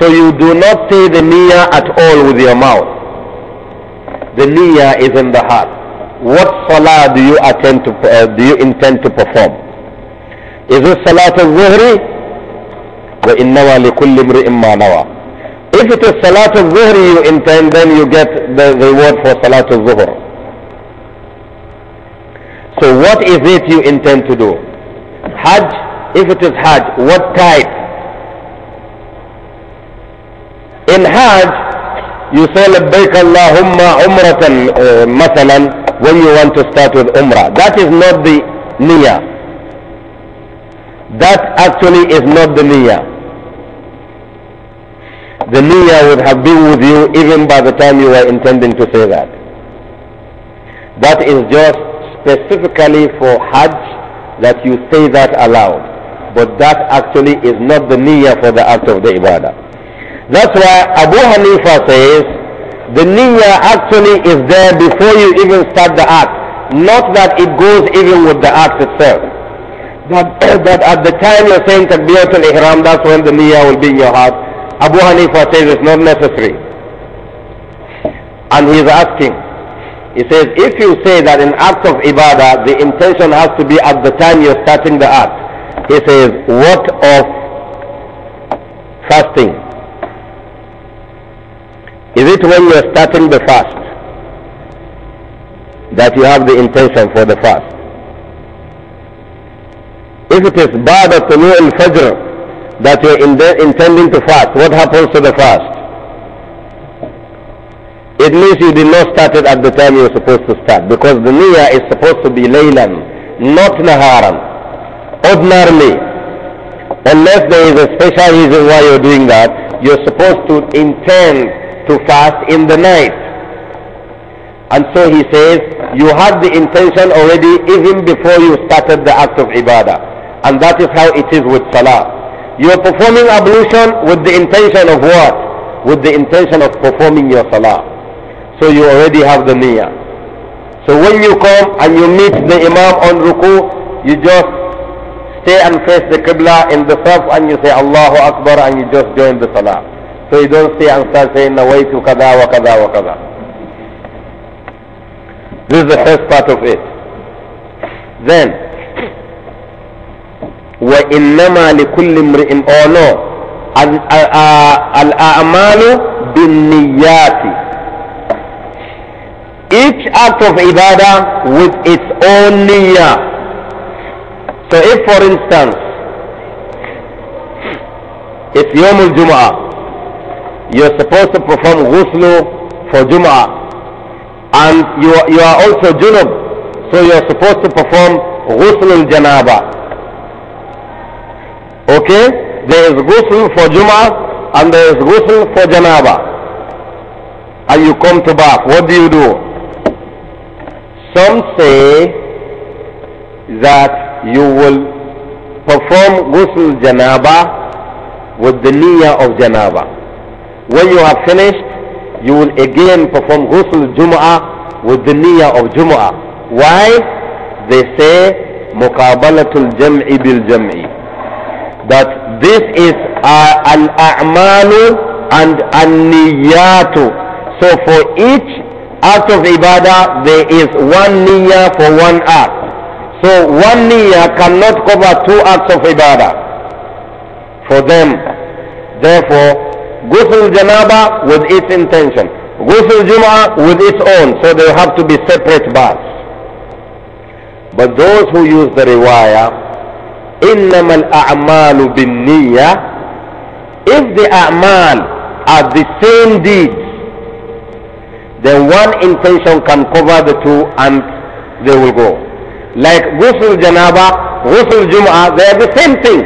So you do not say the niyyah at all with your mouth. The niyyah is in the heart. What salah do you, attend to, uh, do you intend to perform? Is it salat al-zuhri? وإنما لكل امرئ ما نوى If it is Salat al-Zuhr you intend, then you get the reward for Salat al-Zuhr. So what is it you intend to do? Hajj, if it is Hajj, what type? In Hajj, you say لبيك Allahumma عمرة uh, Masalan" when you want to start with Umrah. That is not the niyyah. That actually is not the niyyah. The niyyah would have been with you even by the time you were intending to say that. That is just specifically for Hajj that you say that aloud. But that actually is not the niyyah for the act of the ibadah. That's why Abu Hanifa says the niyyah actually is there before you even start the act. Not that it goes even with the act itself. That, that at the time you're saying takbiratul ihram, that's when the niyyah will be in your heart. Abu Hanifa says it's not necessary. And he's asking, he says, if you say that in acts of ibadah, the intention has to be at the time you're starting the act. He says, what of fasting? Is it when you're starting the fast that you have the intention for the fast? If it is بعد in Fajr that you're intending to fast, what happens to the fast? it means you did not start it at the time you were supposed to start because the niyyah is supposed to be laylan, not naharan, ordinarily. Unless there is a special reason why you're doing that, you're supposed to intend to fast in the night. And so he says, you had the intention already even before you started the act of ibadah. And that is how it is with salah. You are performing ablution with the intention of what? With the intention of performing your salah. So you already have the niyyah. So when you come and you meet the Imam on ruku, you just stay and face the Qibla in the saf and you say Allahu Akbar and you just join the salah. So you don't stay and start saying Nawaitu kada wa kada wa kada. This is the first part of it. Then, وإنما لكل امرئ أو no الأعمال بالنيات each act of ibadah with its own niyyah. So if for instance, it's your al-Jum'ah, you're supposed to perform ghusl for Jum'ah and you, you are also junub, so you are supposed to perform ghusl in janaba Okay? There is ghusl for Jum'ah and there is ghusl for janaba. And you come to bath. What do you do? Some say that you will perform ghusl janaba with the niyyah of janaba. When you have finished, you will again perform ghusl jum'ah with the niyyah of jum'ah. Why? They say muqabalatul jam'i bil jam'i. That this is al-a'malu and al niyatu So for each act of ibadah, there is one niyyah for one act. So one niyyah cannot cover two acts of ibadah for them. Therefore, ghusl janaba with its intention, ghusl jum'ah with its own, so they have to be separate baths. But those who use the riwayah, إنما الأعمال بالنية if the a'mal are the same deeds then one intention can cover the two and they will go. Like ghusl janaba, ghusl jum'ah, they are the same thing.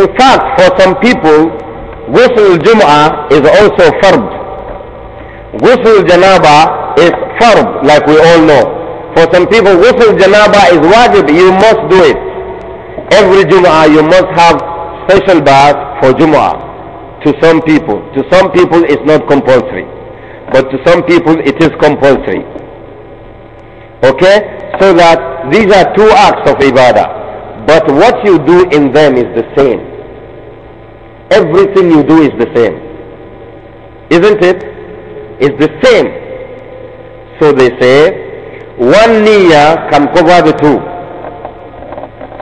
In fact, for some people, ghusl jum'ah is also fard. Ghusl janaba is fard, like we all know. For some people, ghusl janaba is wajib, you must do it. Every jum'ah you must have special bath for jum'ah. To some people, to some people it's not compulsory but to some people it is compulsory. Okay? So that these are two acts of ibadah, but what you do in them is the same. Everything you do is the same. Isn't it? It's the same. So they say, one niya can cover the two.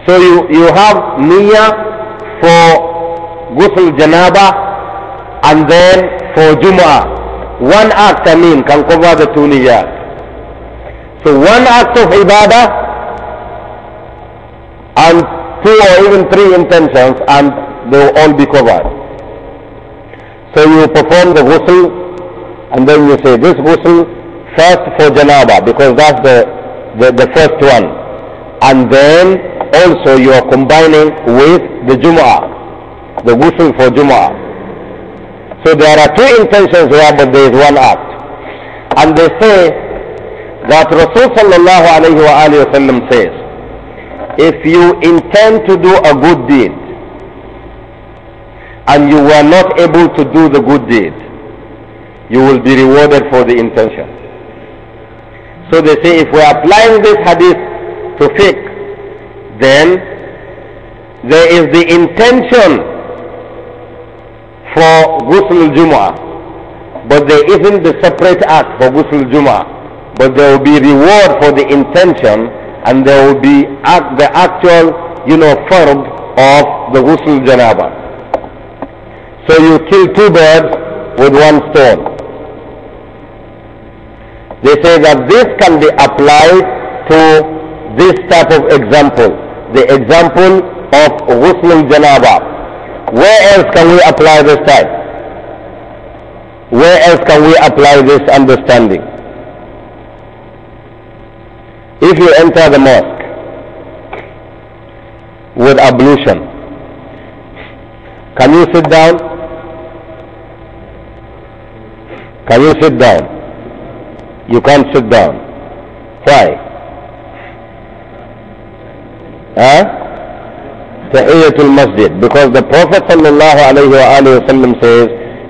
So you, you have niya for ghusl janaba and then for jum'ah one act, I mean, can cover the two niyat. So one act of ibadah and two or even three intentions and they will all be covered. So you perform the ghusl and then you say this ghusl first for janaba because that's the, the, the first one. And then also you are combining with the Jum'ah, the ghusl for Jum'ah. So there are two intentions here, but there is one act. And they say that Rasul sallallahu alayhi wa alayhi wa sallam says, if you intend to do a good deed, and you were not able to do the good deed, you will be rewarded for the intention. So they say if we are applying this hadith to fiqh, then there is the intention for Ghusl Jumu'ah. But there isn't the separate act for Ghusl Jumu'ah. But there will be reward for the intention and there will be act, the actual, you know, farb of the Ghusl Janaba. So you kill two birds with one stone. They say that this can be applied to this type of example, the example of Ghusl Janaba. Where else can we apply this type? Where else can we apply this understanding? If you enter the mosque with ablution, can you sit down? Can you sit down? You can't sit down. Why? Huh? Tahiyatul Masjid. Because the Prophet ﷺ says,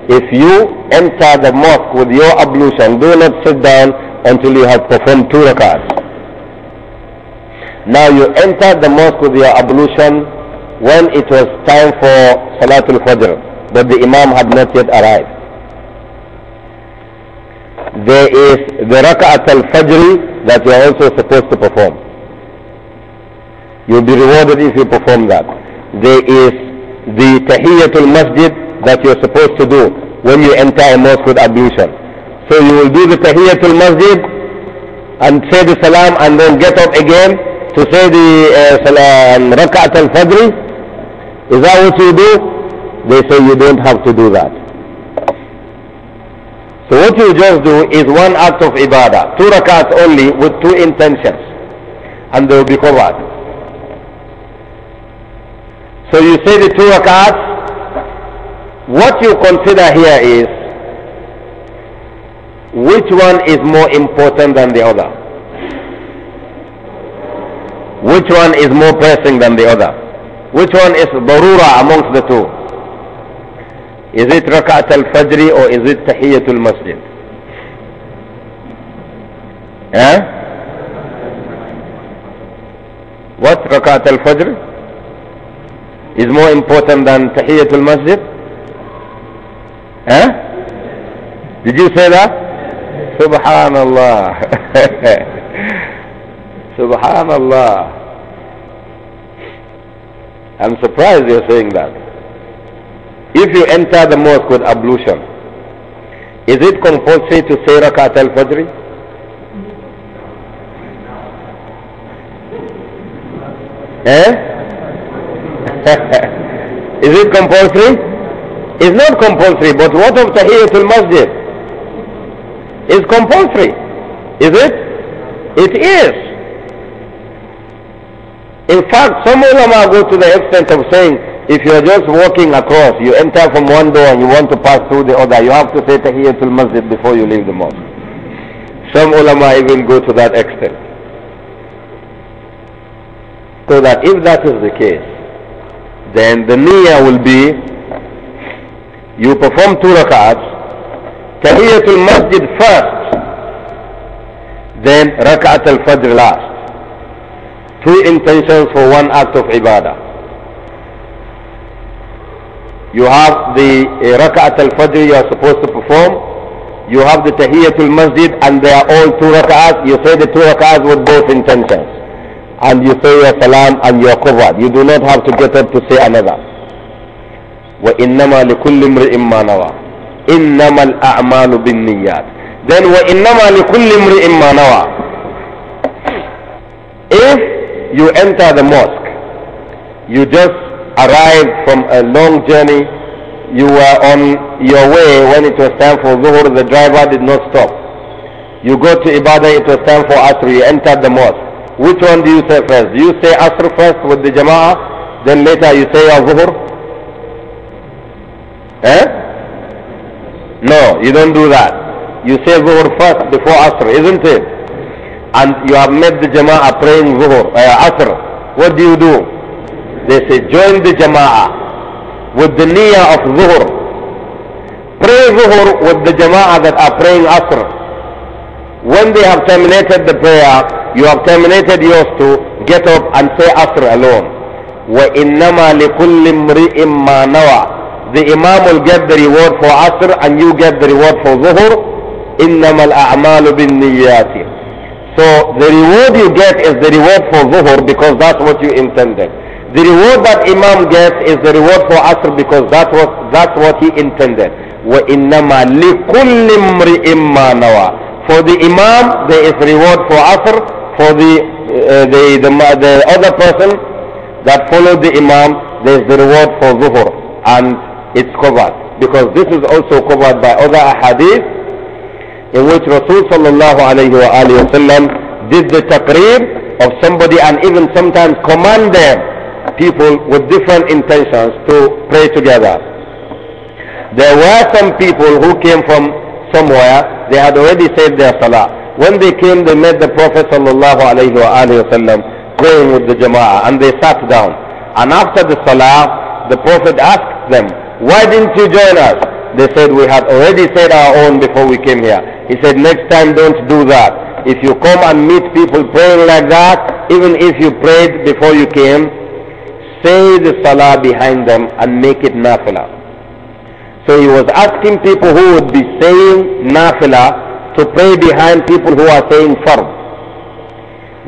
if you enter the mosque with your ablution, do not sit down until you have performed two rakats. Now you entered the mosque with your ablution when it was time for Salatul Fajr, but the Imam had not yet arrived. There is the Raka'at al-Fajr that you are also supposed to perform. You'll be rewarded if you perform that. There is the Tahiyatul Masjid that you're supposed to do when you enter a mosque with ablution. So you will do the Tahiyatul Masjid and say the salam and then get up again to say the uh, salam rak'at al-fajr. Is that what you do? They say you don't have to do that. So what you just do is one act of ibadah, two rak'at only with two intentions and they will be covered. So you say the two rakats. What you consider here is which one is more important than the other? Which one is more pressing than the other? Which one is barura amongst the two? Is it rakat al-fajr or is it tahiyatul masjid? Eh? What rakat al-fajr? is more important than Tahiyatul Masjid? Huh? Did you say that? Subhanallah. Subhanallah. I'm surprised you're saying that. If you enter the mosque with ablution, is it compulsory to say Rakat al-Fajr? Eh? Is it compulsory? It's not compulsory, but what of Tahiyatul Masjid? It's compulsory. Is it? It is. In fact, some ulama go to the extent of saying, if you are just walking across, you enter from one door and you want to pass through the other, you have to say Tahiyatul Masjid before you leave the mosque. Some ulama even go to that extent. So that if that is the case, then the niyyah will be you perform two rak'ats tahiyatul masjid first then rak'at al-fajr last two intentions for one act of ibadah you have the uh, rak'at al-fajr you are supposed to perform you have the tahiyatul masjid and they are all two rak'ats you say the two rak'ats with both intentions and you say your salam and your covered. You do not have to get up to say another. وَإِنَّمَا لِكُلِّ امْرِئٍ مَّا نَوَى إِنَّمَا الْأَعْمَالُ بِالنِّيَّاتِ Then وَإِنَّمَا لِكُلِّ امْرِئٍ مَّا نَوَى If you enter the mosque, you just arrived from a long journey, you were on your way when it was time for Zuhur, the driver did not stop. You go to Ibadah, it was time for Asr, you entered the mosque. Which one do you say first? Do you say Asr first with the Jama'ah? Then later you say your Zuhur? Eh? No, you don't do that. You say Zuhur first before Asr, isn't it? And you have met the Jama'ah praying Zuhur, uh, Asr. What do you do? They say join the Jama'ah with the niyyah of Zuhur. Pray Zuhur with the Jama'ah that are praying Asr. When they have terminated the prayer, you have terminated yours too, get up and say Asr alone. وَإِنَّمَا لِكُلِّ امْرِئٍ مَّا نَوَى The Imam will get the reward for Asr and you get the reward for Zuhur. إِنَّمَا الْأَعْمَالُ بِالنِّيَّاتِ so the reward you get is the reward for Zuhur because that's what you intended. The reward that Imam gets is the reward for Asr because that was, that's what he intended. وَإِنَّمَا لِكُلِّ امْرِئٍ مَّا نَوَى for the imam, there is reward for asr. For the, uh, the, the, the, other person that followed the imam, there is the reward for zuhur. And it's covered. Because this is also covered by other hadith in which Rasulullah sallallahu alayhi wa sallam did the taqreeb of somebody and even sometimes commanded people with different intentions to pray together. There were some people who came from somewhere, they had already said their salah. When they came, they met the Prophet sallallahu alayhi wa going with the jama'ah and they sat down. And after the salah, the Prophet asked them, why didn't you join us? They said, we had already said our own before we came here. He said, next time don't do that. If you come and meet people praying like that, even if you prayed before you came, say the salah behind them and make it nafilah. So he was asking people who would be saying nafila to pray behind people who are saying fard.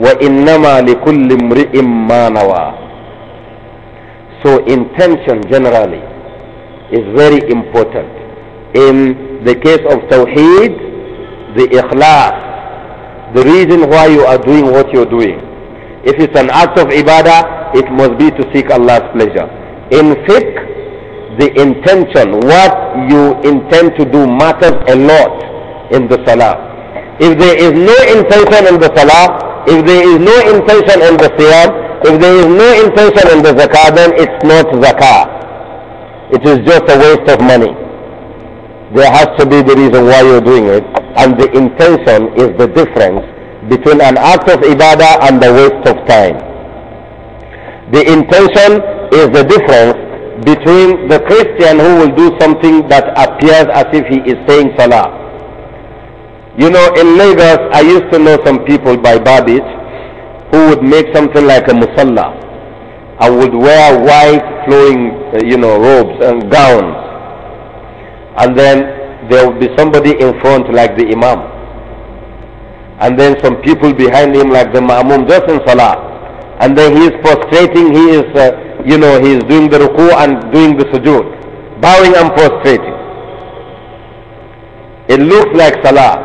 وَإِنَّمَا لِكُلِّ امْرِئٍ مَّا نَوَى So intention generally is very important. In the case of Tawheed, the ikhlas, the reason why you are doing what you're doing. If it's an act of ibadah, it must be to seek Allah's pleasure. In fiqh, the intention. What you intend to do matters a lot in the salah. If there is no intention in the salah, if there is no intention in the siyam, if there is no intention in the zakah, then it's not zakah. It is just a waste of money. There has to be the reason why you're doing it, and the intention is the difference between an act of ibadah and the waste of time. The intention is the difference between the Christian who will do something that appears as if he is saying salah. You know, in Lagos, I used to know some people by Babich who would make something like a musalla and would wear white flowing, uh, you know, robes and gowns. And then there would be somebody in front like the Imam. And then some people behind him like the Ma'mum, just in salah. And then he is prostrating, he is... Uh, you know, he is doing the ruku and doing the sujood, bowing and prostrating. It looks like salah,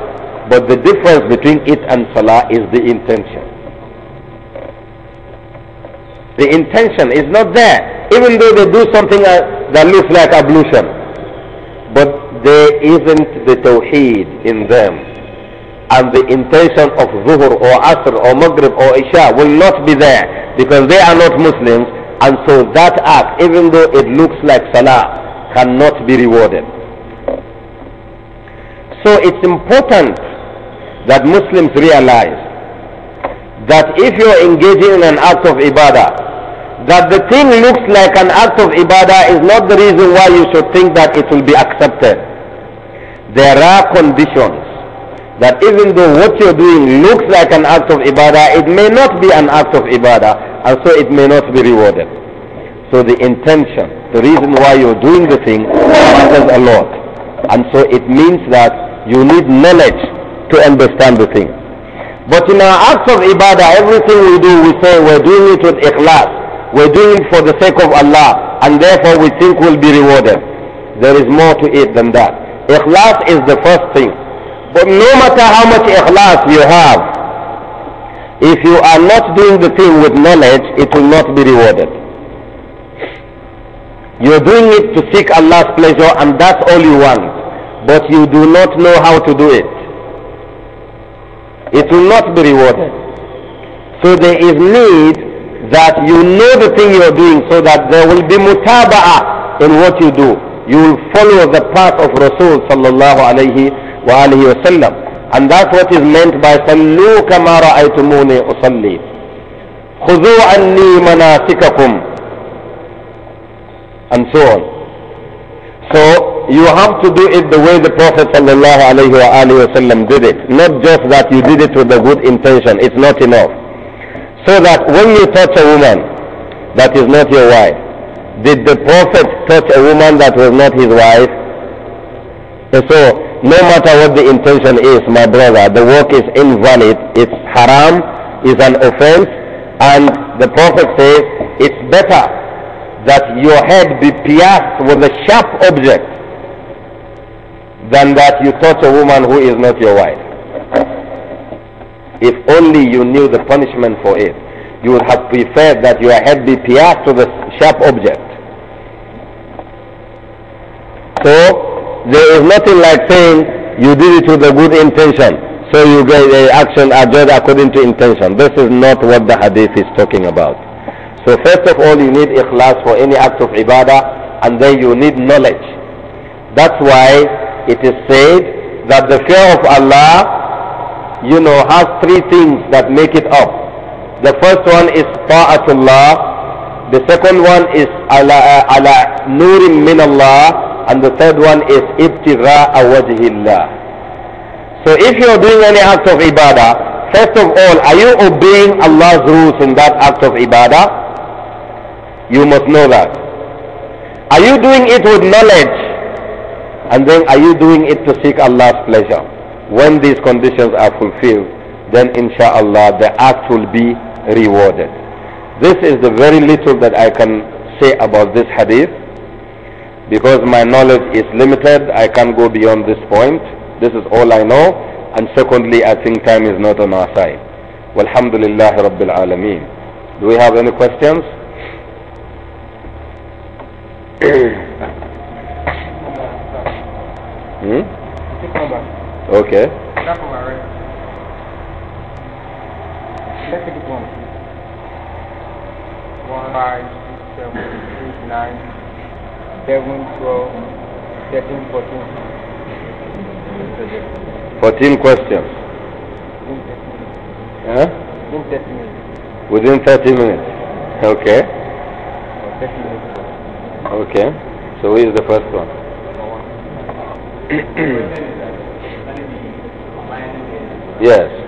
but the difference between it and salah is the intention. The intention is not there, even though they do something uh, that looks like ablution. But there isn't the tawheed in them. And the intention of Zuhur or Asr or Maghrib or Isha will not be there because they are not Muslims and so that act, even though it looks like salah, cannot be rewarded. So it's important that Muslims realize that if you're engaging in an act of ibadah, that the thing looks like an act of ibadah is not the reason why you should think that it will be accepted. There are conditions that even though what you're doing looks like an act of ibadah, it may not be an act of ibadah and so it may not be rewarded. So the intention, the reason why you're doing the thing matters a lot. And so it means that you need knowledge to understand the thing. But in our acts of ibadah, everything we do, we say we're doing it with ikhlas. We're doing it for the sake of Allah. And therefore we think we'll be rewarded. There is more to it than that. Ikhlas is the first thing. But no matter how much ikhlas you have, if you are not doing the thing with knowledge, it will not be rewarded. You're doing it to seek Allah's pleasure and that's all you want. But you do not know how to do it. It will not be rewarded. So there is need that you know the thing you're doing so that there will be mutaba'ah in what you do. You will follow the path of Rasul sallallahu alayhi wa and that's what is meant by صلوا كما رأيتموني أصلي خذوا عني مناسككم and so on. So you have to do it the way the Prophet ﷺ did it. Not just that you did it with a good intention. It's not enough. So that when you touch a woman that is not your wife, did the Prophet touch a woman that was not his wife? So no matter what the intention is, my brother, the work is invalid, it's haram, is an offense, and the Prophet says it's better that your head be pierced with a sharp object than that you touch a woman who is not your wife. If only you knew the punishment for it, you would have preferred that your head be pierced with a sharp object. So, there is nothing like saying you did it with a good intention, so you get the action are according to intention. This is not what the hadith is talking about. So first of all, you need ikhlas for any act of ibadah, and then you need knowledge. That's why it is said that the fear of Allah, you know, has three things that make it up. The first one is ta'atullah, the second one is ala, ala nurim min Allah. And the third one is ibtira awajihillah. So if you are doing any act of ibadah, first of all, are you obeying Allah's rules in that act of ibadah? You must know that. Are you doing it with knowledge? And then are you doing it to seek Allah's pleasure? When these conditions are fulfilled, then insha'Allah the act will be rewarded. This is the very little that I can say about this hadith because my knowledge is limited. I can't go beyond this point. This is all I know. And secondly, I think time is not on our side. Walhamdulillah Rabbil Alameen. Do we have any questions? hmm? Okay one five six seven eight nine seven twelve thirteen fourteen. Fourteen questions. Within. Huh? Within thirty minutes. Within thirty minutes. Okay. Thirty minutes. Okay. So where is the first one? yes.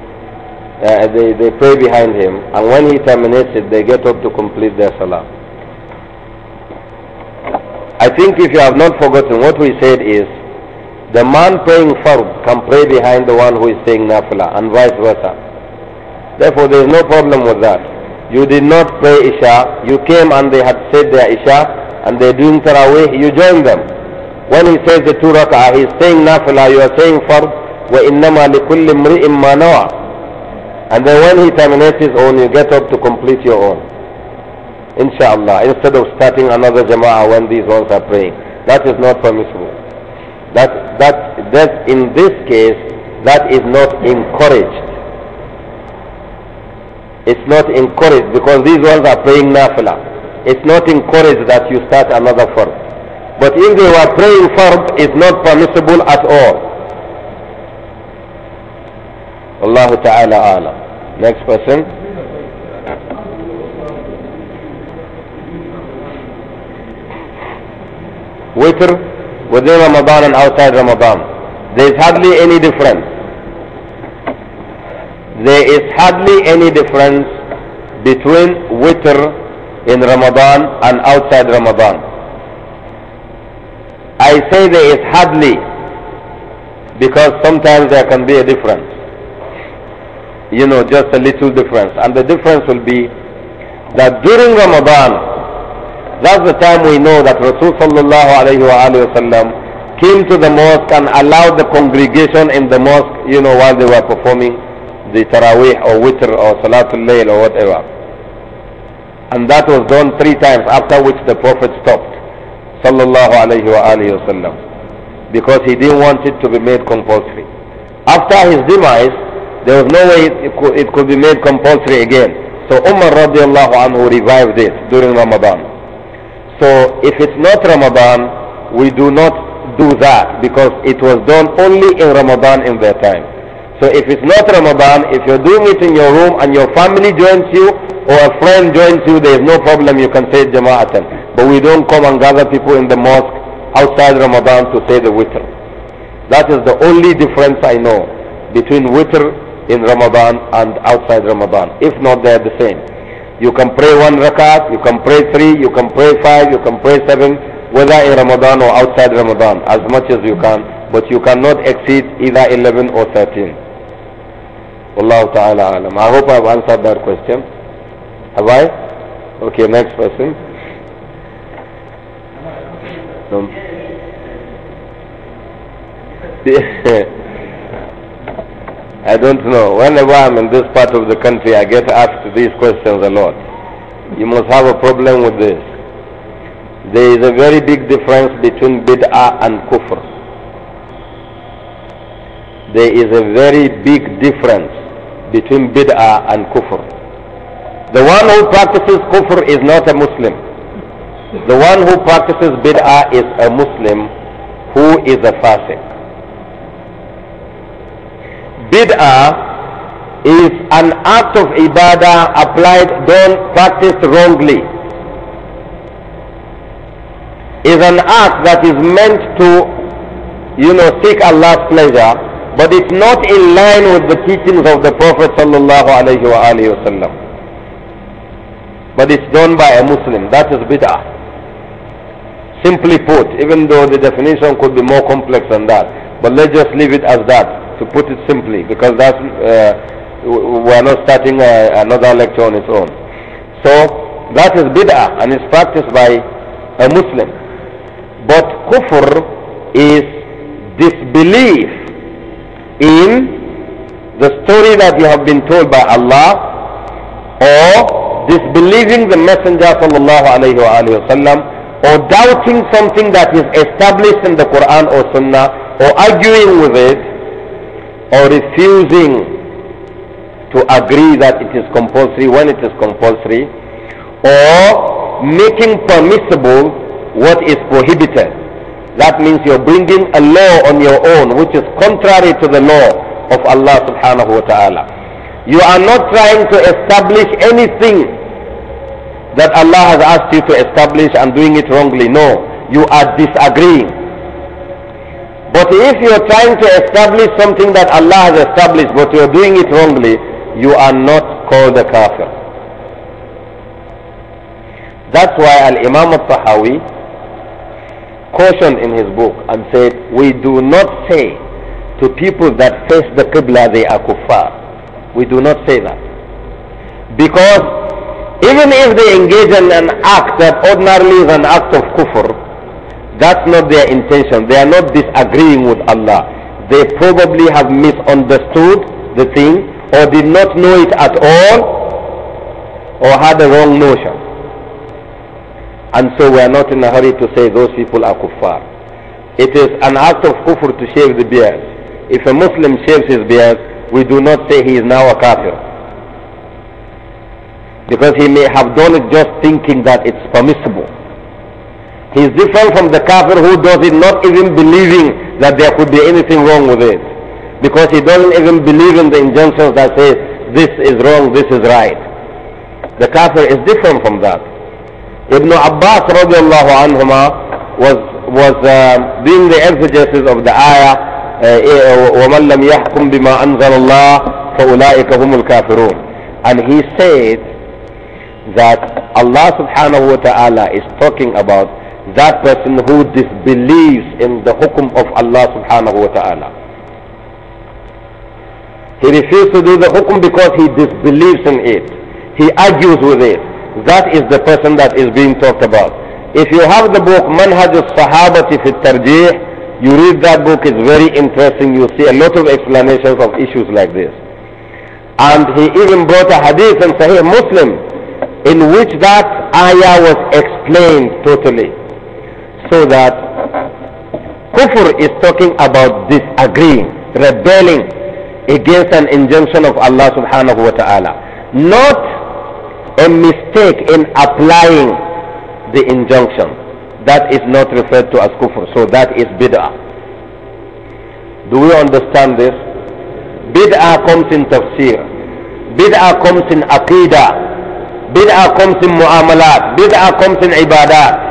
uh, they, they pray behind him, and when he terminates it, they get up to complete their salah. I think if you have not forgotten, what we said is the man praying fard can pray behind the one who is saying nafila, and vice versa. Therefore, there is no problem with that. You did not pray Isha, you came and they had said their Isha, and they're doing Taraweeh, you join them. When he says the two rak'ah, he's saying nafila, you are saying fard, وَإِنَّمَا لِكُلِّ امْرِئٍ مَّا نَوَى and then when he terminates his own, you get up to complete your own. Inshallah. Instead of starting another jama'ah when these ones are praying. That is not permissible. That, that, that in this case, that is not encouraged. It's not encouraged because these ones are praying nafilah. It's not encouraged that you start another form. But if they were praying form, it's not permissible at all. Allah Taala أعلم Next person. Witr within Ramadan and outside Ramadan. There is hardly any difference. There is hardly any difference between witr in Ramadan and outside Ramadan. I say there is hardly because sometimes there can be a difference you know, just a little difference. And the difference will be that during Ramadan, that's the time we know that Rasulullah sallallahu came to the mosque and allowed the congregation in the mosque, you know, while they were performing the Taraweeh or Witr or Salatul Layl or whatever. And that was done three times, after which the Prophet stopped, sallallahu alayhi wa because he didn't want it to be made compulsory. After his demise, there was no way it, could, it could be made compulsory again. So Umar radiallahu anhu revived it during Ramadan. So if it's not Ramadan, we do not do that because it was done only in Ramadan in their time. So if it's not Ramadan, if you're doing it in your room and your family joins you or a friend joins you, there is no problem, you can say Jama'atan. But we don't come and gather people in the mosque outside Ramadan to say the witr. That is the only difference I know between witr in Ramadan and outside Ramadan. If not, they are the same. You can pray one rakat, you can pray three, you can pray five, you can pray seven, whether in Ramadan or outside Ramadan, as much as you can, but you cannot exceed either 11 or 13. Allah ta'ala alam. I hope I've answered that question. Have I? Okay, next person. Um. I don't know. Whenever I'm in this part of the country, I get asked these questions a lot. You must have a problem with this. There is a very big difference between bid'ah and kufr. There is a very big difference between bid'ah and kufr. The one who practices kufr is not a Muslim. The one who practices bid'ah is a Muslim who is a fasik. Bid'ah is an act of ibadah applied, done, practiced wrongly. Is an act that is meant to, you know, seek Allah's pleasure, but it's not in line with the teachings of the Prophet sallallahu alaihi wasallam but it's done by a Muslim. That is bid'ah. Simply put, even though the definition could be more complex than that, but let's just leave it as that to put it simply, because that's, uh, we are not starting a, uh, another lecture on its own. So that is bid'ah and is practiced by a Muslim. But kufr is disbelief in the story that you have been told by Allah or disbelieving the Messenger sallallahu alayhi wa sallam or doubting something that is established in the Quran or Sunnah or arguing with it or refusing to agree that it is compulsory when it is compulsory or making permissible what is prohibited. That means you're bringing a law on your own which is contrary to the law of Allah subhanahu wa ta'ala. You are not trying to establish anything that Allah has asked you to establish and doing it wrongly. No, you are disagreeing. But if you're trying to establish something that Allah has established but you're doing it wrongly, you are not called a kafir. That's why Al-Imam al-Tahawi cautioned in his book and said, we do not say to people that face the Qibla they are kuffar. We do not say that. Because even if they engage in an act that ordinarily is an act of kufr, that's not their intention. They are not disagreeing with Allah. They probably have misunderstood the thing or did not know it at all or had a wrong notion. And so we are not in a hurry to say those people are kuffar. It is an act of kufr to shave the beard. If a Muslim shaves his beard, we do not say he is now a kafir. Because he may have done it just thinking that it's permissible. He is different from the kafir who does it not even believing that there could be anything wrong with it. Because he doesn't even believe in the injunctions that say this is wrong, this is right. The kafir is different from that. Ibn Abbas radiallahu anhuma was, was uh, doing the exegesis of the ayah uh, ومن لم يحكم بما أنزل الله فأولئك هم الكافرون and he said that Allah subhanahu wa ta'ala is talking about that person who disbelieves in the hukum of Allah subhanahu wa ta'ala. He refuses to do the hukum because he disbelieves in it. He argues with it. That is the person that is being talked about. If you have the book Manhaj al-Sahabati fi tarjih you read that book, it's very interesting. You see a lot of explanations of issues like this. And he even brought a hadith in Sahih Muslim in which that ayah was explained totally so that kufr is talking about disagreeing, rebelling against an injunction of Allah subhanahu wa ta'ala. Not a mistake in applying the injunction. That is not referred to as kufr. So that is bid'ah. Do we understand this? Bid'ah comes in tafsir. Bid'ah comes in aqidah. Bid'ah comes in mu'amalat. Bid'ah comes in ibadah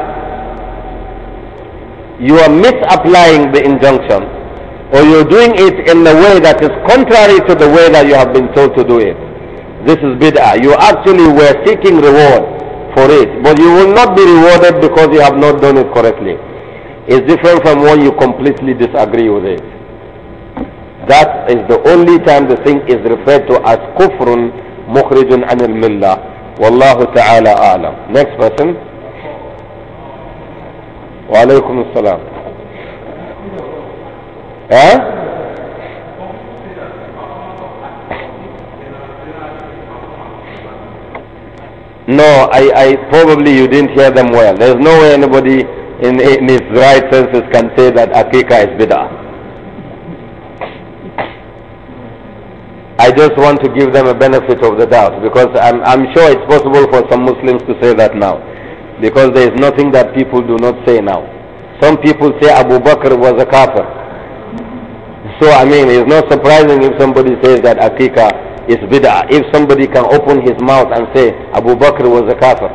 you are misapplying the injunction or you're doing it in a way that is contrary to the way that you have been told to do it. This is bid'ah. You actually were seeking reward for it, but you will not be rewarded because you have not done it correctly. It's different from when you completely disagree with it. That is the only time the thing is referred to as kufrun mukhrijun anil millah. Wallahu ta'ala alam. Next person. وعليكم السلام ها No, I, I probably you didn't hear them well. There's no way anybody in, in his right senses can say that Akika is bid'ah. I just want to give them a benefit of the doubt because I'm, I'm sure it's possible for some Muslims to say that now. Because there is nothing that people do not say now. Some people say Abu Bakr was a kafir. So I mean, it's not surprising if somebody says that Akika is bid'ah. If somebody can open his mouth and say Abu Bakr was a kafir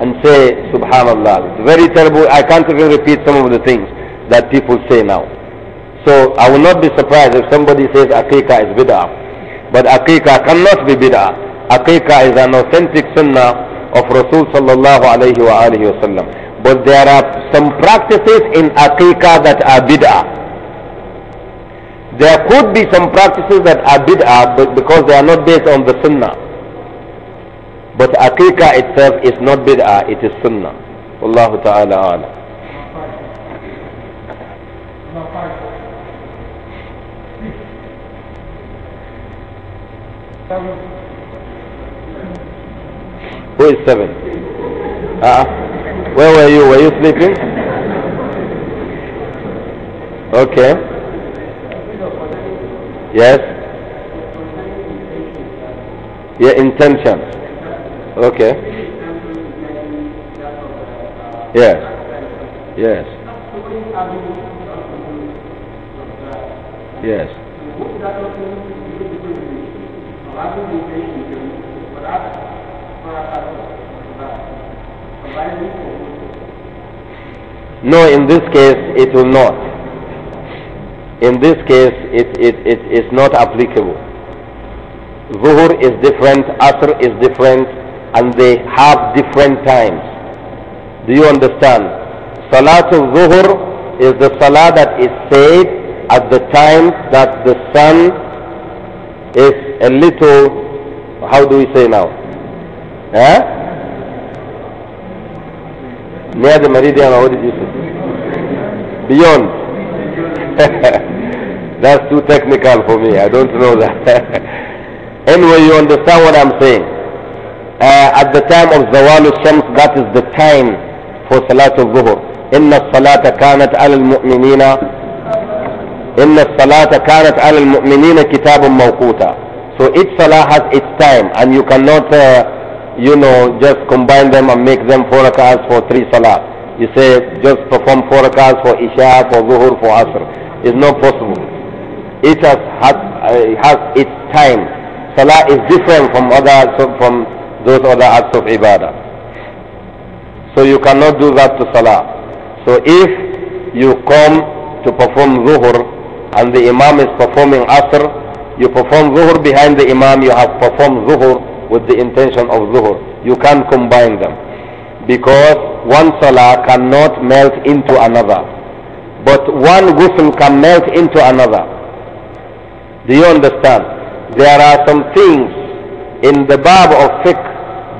and say Subhanallah. It's very terrible. I can't even repeat some of the things that people say now. So I will not be surprised if somebody says Akika is bid'ah. But Akika cannot be bid'ah. Akika is an authentic sunnah of Rasul sallallahu alayhi wa But there are some practices in aqiqah that are bid'ah. There could be some practices that are bid'ah but because they are not based on the sunnah. But aqiqah itself is not bid'ah, it is sunnah. Wallahu ta'ala ala. Thank who is seven? Uh, where were you? Were you sleeping? Okay. Yes. Your intention. Okay. Yes. Yes. Yes. No, in this case it will not. In this case it, it, it is not applicable. Zuhur is different, Asr is different, and they have different times. Do you understand? of Zuhur is the Salah that is said at the time that the sun is a little, how do we say now? ها ماذا مريض يا مولد يوسف بيون That's too technical for me. I don't know that. anyway, you understand what I'm saying. Uh, at the time of Zawal al-Shams, that is the time for Salat al-Zuhur. إن الصلاة كانت على المؤمنين إن الصلاة كانت على المؤمنين كتاب موقوتا. So each Salah has its time and you cannot uh, you know, just combine them and make them four rak'ahs for three salah. You say, just perform four rak'ahs for Isha, for Zuhur, for Asr. It's not possible. It has, has, uh, has its time. Salah is different from other from those other acts of ibadah. So you cannot do that to salah. So if you come to perform zuhur and the imam is performing asr, you perform zuhur behind the imam, you have performed zuhur with the intention of zuhur. You can't combine them. Because one salah cannot melt into another. But one ghusl can melt into another. Do you understand? There are some things in the bab of fiqh.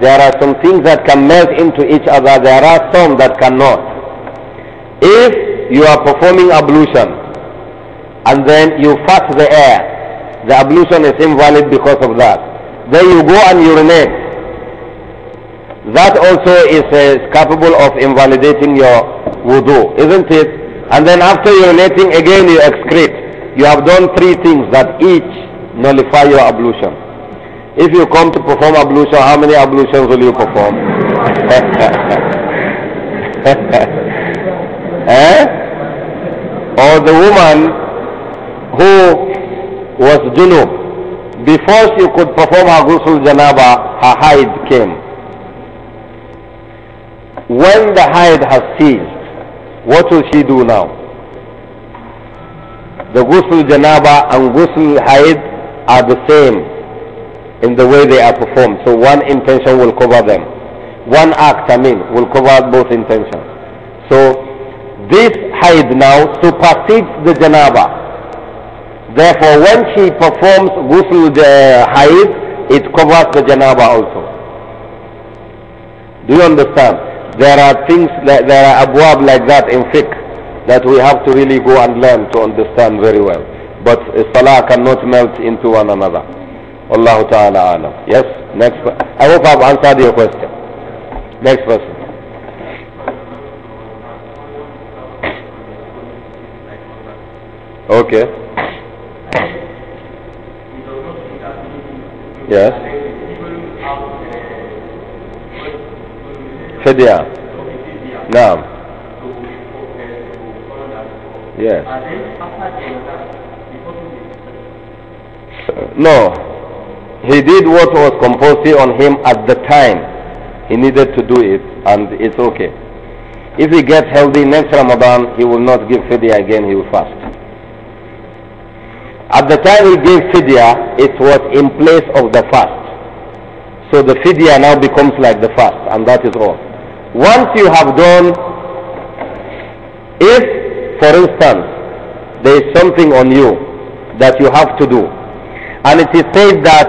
There are some things that can melt into each other. There are some that cannot. If you are performing ablution and then you fart the air, the ablution is invalid because of that. Then you go and urinate. That also is, uh, capable of invalidating your wudu, isn't it? And then after urinating again you excrete. You have done three things that each nullify your ablution. If you come to perform ablution, how many ablutions will you perform? eh? Or the woman who was junub before she could perform her ghusl janaba, her hide came. When the hide has ceased, what will she do now? The ghusl janaba and ghusl hide are the same in the way they are performed. So one intention will cover them. One act, I mean, will cover both intentions. So this hide now supersedes the janaba. Therefore, when she performs ghusl the haid, it covers the janaba also. Do you understand? There are things, that, there are abwab like that in fiqh that we have to really go and learn to understand very well. But salah cannot melt into one another. Allah Ta'ala alam. Yes? Next I hope I've answered your question. Next person. Okay. Yes. Fidya. Naam. Yes. No. He did what was compulsory on him at the time. He needed to do it and it's okay. If he gets healthy next Ramadan, he will not give fidya again, he will fast. At the time he gave fidya, it was in place of the fast. So the fidya now becomes like the fast, and that is wrong. Once you have done, if, for instance, there is something on you that you have to do, and it is said that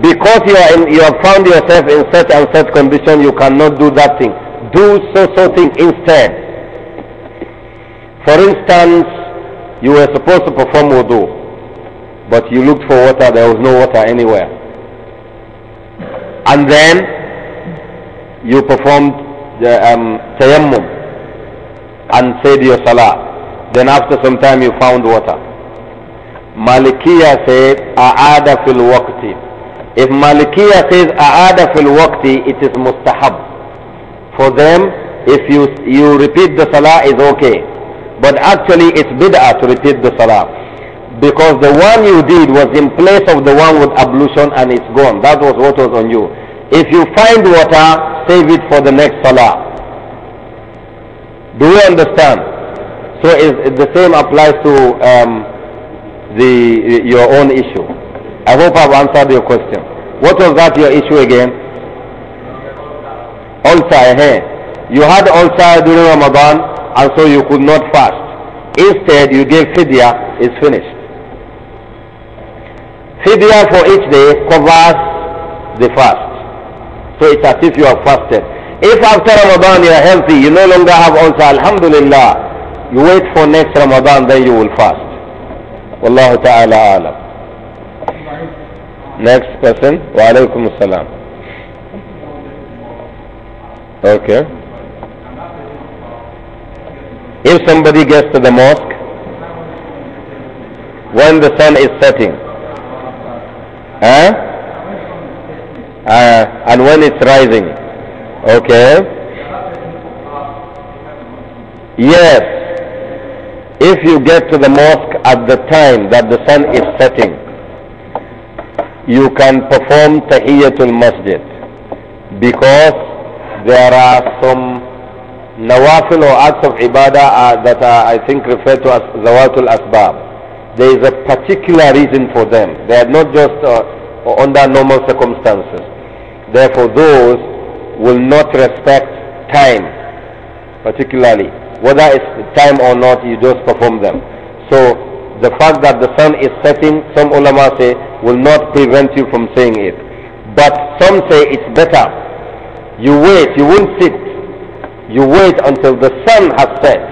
because you, are in, you have found yourself in such and such condition, you cannot do that thing. Do so so thing instead. For instance, you were supposed to perform wudu but you looked for water, there was no water anywhere. And then you performed the um, tayammum and said your salah. Then after some time you found water. Malikiya said, A'ada fil waqti. If Malikiya says A'ada fil waqti, it is mustahab. For them, if you, you repeat the salah is okay. But actually it's bid'ah to repeat the salah. Because the one you did was in place of the one with ablution and it's gone. That was what was on you. If you find water, save it for the next salah. Do you understand? So the same applies to um, the your own issue. I hope I've answered your question. What was that your issue again? Ulcer. Hey. Eh? You had ulcer during Ramadan and so you could not fast. Instead, you gave fidya, it's finished. Fidya for each day covers the fast. So it's as if you have fasted. If after Ramadan you are healthy, you no longer have ulcer, Alhamdulillah, you wait for next Ramadan, then you will fast. Wallahu ta'ala alam. Next person. Wa alaikum assalam. Okay. If somebody gets to the mosque, when the sun is setting, Huh? Uh, and when it's rising. Okay. Yes. If you get to the mosque at the time that the sun is setting, you can perform Tahiyatul Masjid because there are some nawafil or acts of ibadah uh, that are, uh, I think, referred to as Zawatul Asbab there is a particular reason for them. They are not just uh, under normal circumstances. Therefore, those will not respect time, particularly. Whether it's time or not, you just perform them. So, the fact that the sun is setting, some ulama say, will not prevent you from saying it. But some say it's better. You wait, you won't sit. You wait until the sun has set,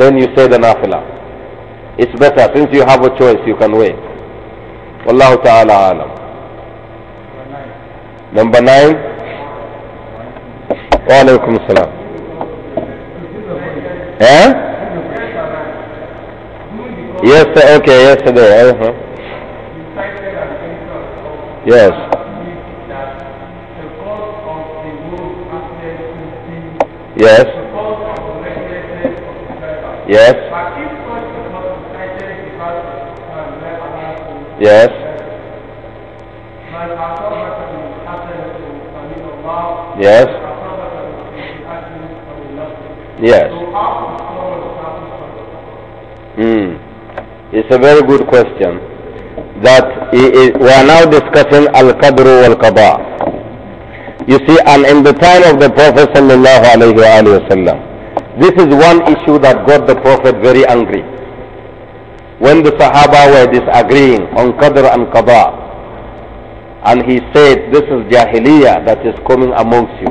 then you say the nafilah. It's better since you have a choice, you can wait. Wallahu ta'ala alam. Number nine. Wa alaikum salam. Eh? Yes, okay, yesterday. Uh -huh. Yes. Yes. Yes. Yes. Yes. Yes. Mm. It's a very good question. That is, we are now discussing al-qadru wal-qada. You see, and in the time of the Prophet sallallahu alaihi wasallam, this is one issue that got the Prophet very angry when the Sahaba were disagreeing on Qadr and Qadha, and he said, this is Jahiliyyah that is coming amongst you.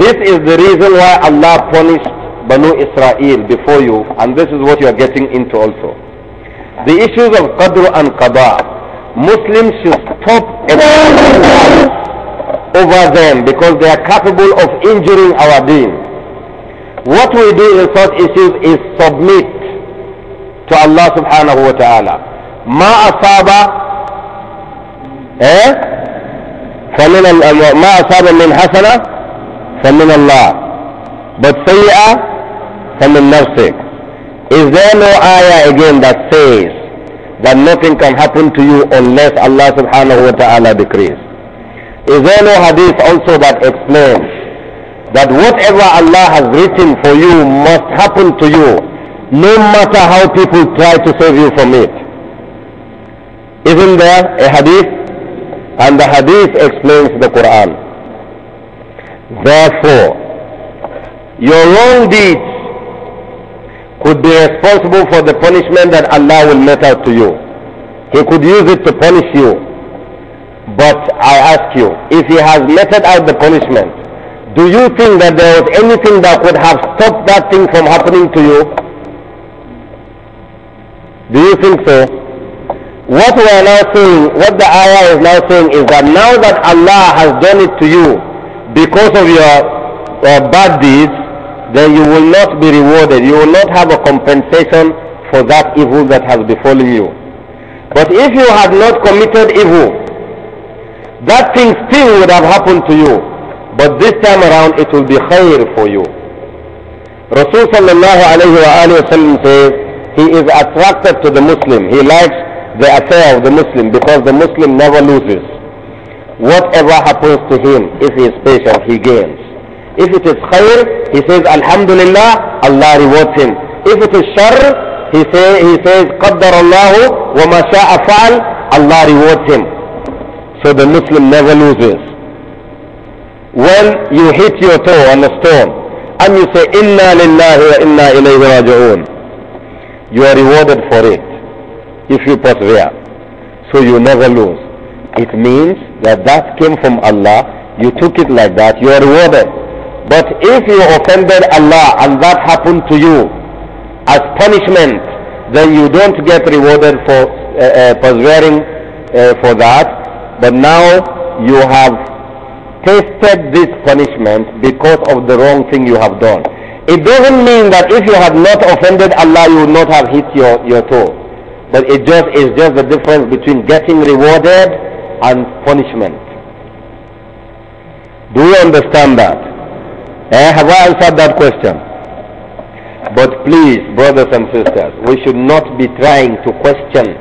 This is the reason why Allah punished Banu Israel before you, and this is what you are getting into also. The issues of Qadr and Qadha, Muslims should stop over them because they are capable of injuring our deen. What we do in such issues is submit to Allah subhanahu wa ta'ala. Ma asaba eh فمن ما أصاب من حسنة فمن الله but سيئة فمن نفسك is there no ayah again that says that nothing can happen to you unless Allah subhanahu wa ta'ala decrees is there no hadith also that explains that whatever Allah has written for you must happen to you no matter how people try to save you from it. Isn't there a hadith? And the hadith explains the Quran. Therefore, your wrong deeds could be responsible for the punishment that Allah will mete out to you. He could use it to punish you. But I ask you, if He has meted out the punishment, do you think that there was anything that could have stopped that thing from happening to you? Do you think so? What we are now saying, what the ayah is now saying is that now that Allah has done it to you because of your uh, bad deeds, then you will not be rewarded. You will not have a compensation for that evil that has befallen you. But if you had not committed evil, that thing still would have happened to you. But this time around it will be khair for you. Rasul sallallahu alayhi wa alayhi wa sallam says, he is attracted to the Muslim. He likes the affair of the Muslim because the Muslim never loses. Whatever happens to him, if he is patient, he gains. If it is khair, he says, Alhamdulillah, Allah rewards him. If it is shar, he, say, he says, Qaddar Allahu wa ma fa'al, Allah rewards him. So the Muslim never loses. When you hit your toe on a stone and you say, Inna lillahi wa inna ilayhi raji'un. You are rewarded for it if you persevere. So you never lose. It means that that came from Allah. You took it like that. You are rewarded. But if you offended Allah and that happened to you as punishment, then you don't get rewarded for uh, uh, persevering uh, for that. But now you have tasted this punishment because of the wrong thing you have done. It doesn't mean that if you had not offended Allah, you would not have hit your, your toe. But it just is just the difference between getting rewarded and punishment. Do you understand that? Eh? Have I answered that question? But please, brothers and sisters, we should not be trying to question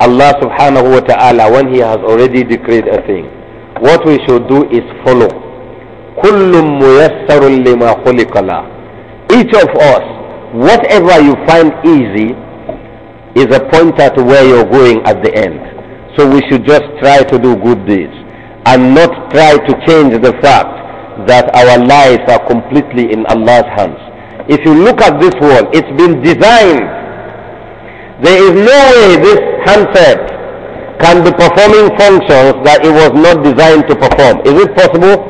Allah subhanahu wa ta'ala when He has already decreed a thing. What we should do is follow. كل ميسر لما خلق له each of us, whatever you find easy is a pointer to where you're going at the end. So we should just try to do good deeds and not try to change the fact that our lives are completely in Allah's hands. If you look at this world, it's been designed. There is no way this handset can be performing functions that it was not designed to perform. Is it possible?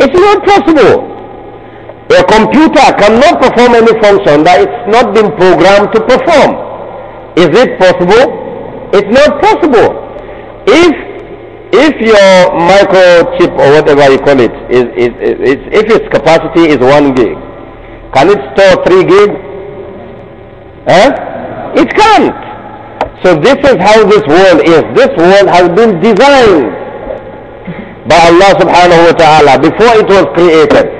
It's not possible. A computer cannot perform any function that it's not been programmed to perform. Is it possible? It's not possible. If if your microchip or whatever you call it is, is, is, is if its capacity is one gig, can it store three gig? Eh? It can't. So this is how this world is. This world has been designed by Allah subhanahu wa ta'ala before it was created.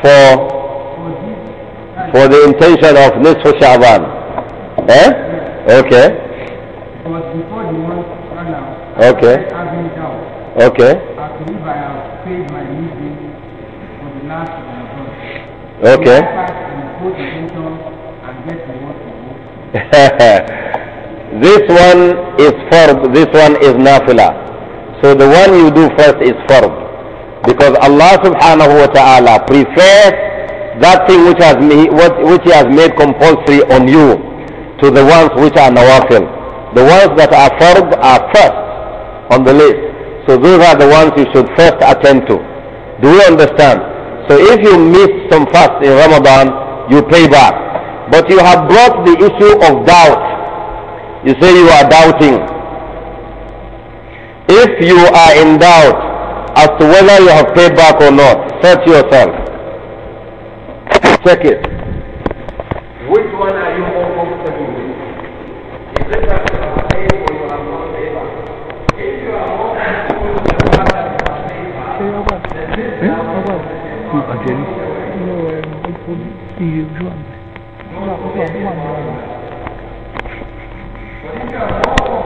for for the intention of Nisfu Sha'ban. Eh? Okay. Okay. Okay. Okay. this one is fard, this one is nafila. So the one you do first is fard. Because Allah subhanahu wa ta'ala prefers that thing which, has which He has made compulsory on you to the ones which are nawafil. The ones that are fard are first on the list. So those are the ones you should first attend to. Do you understand? So if you miss some fast in Ramadan, you pay back. But you have brought the issue of doubt. You say you are doubting. If you are in doubt, as to whether you have paid back or not. Search yourself. Check it. Which one are you more comfortable with? Is it that you have paid or you have not paid If you are more comfortable with the fact that you have paid back, then this is how much you have paid back. No, No, no, no.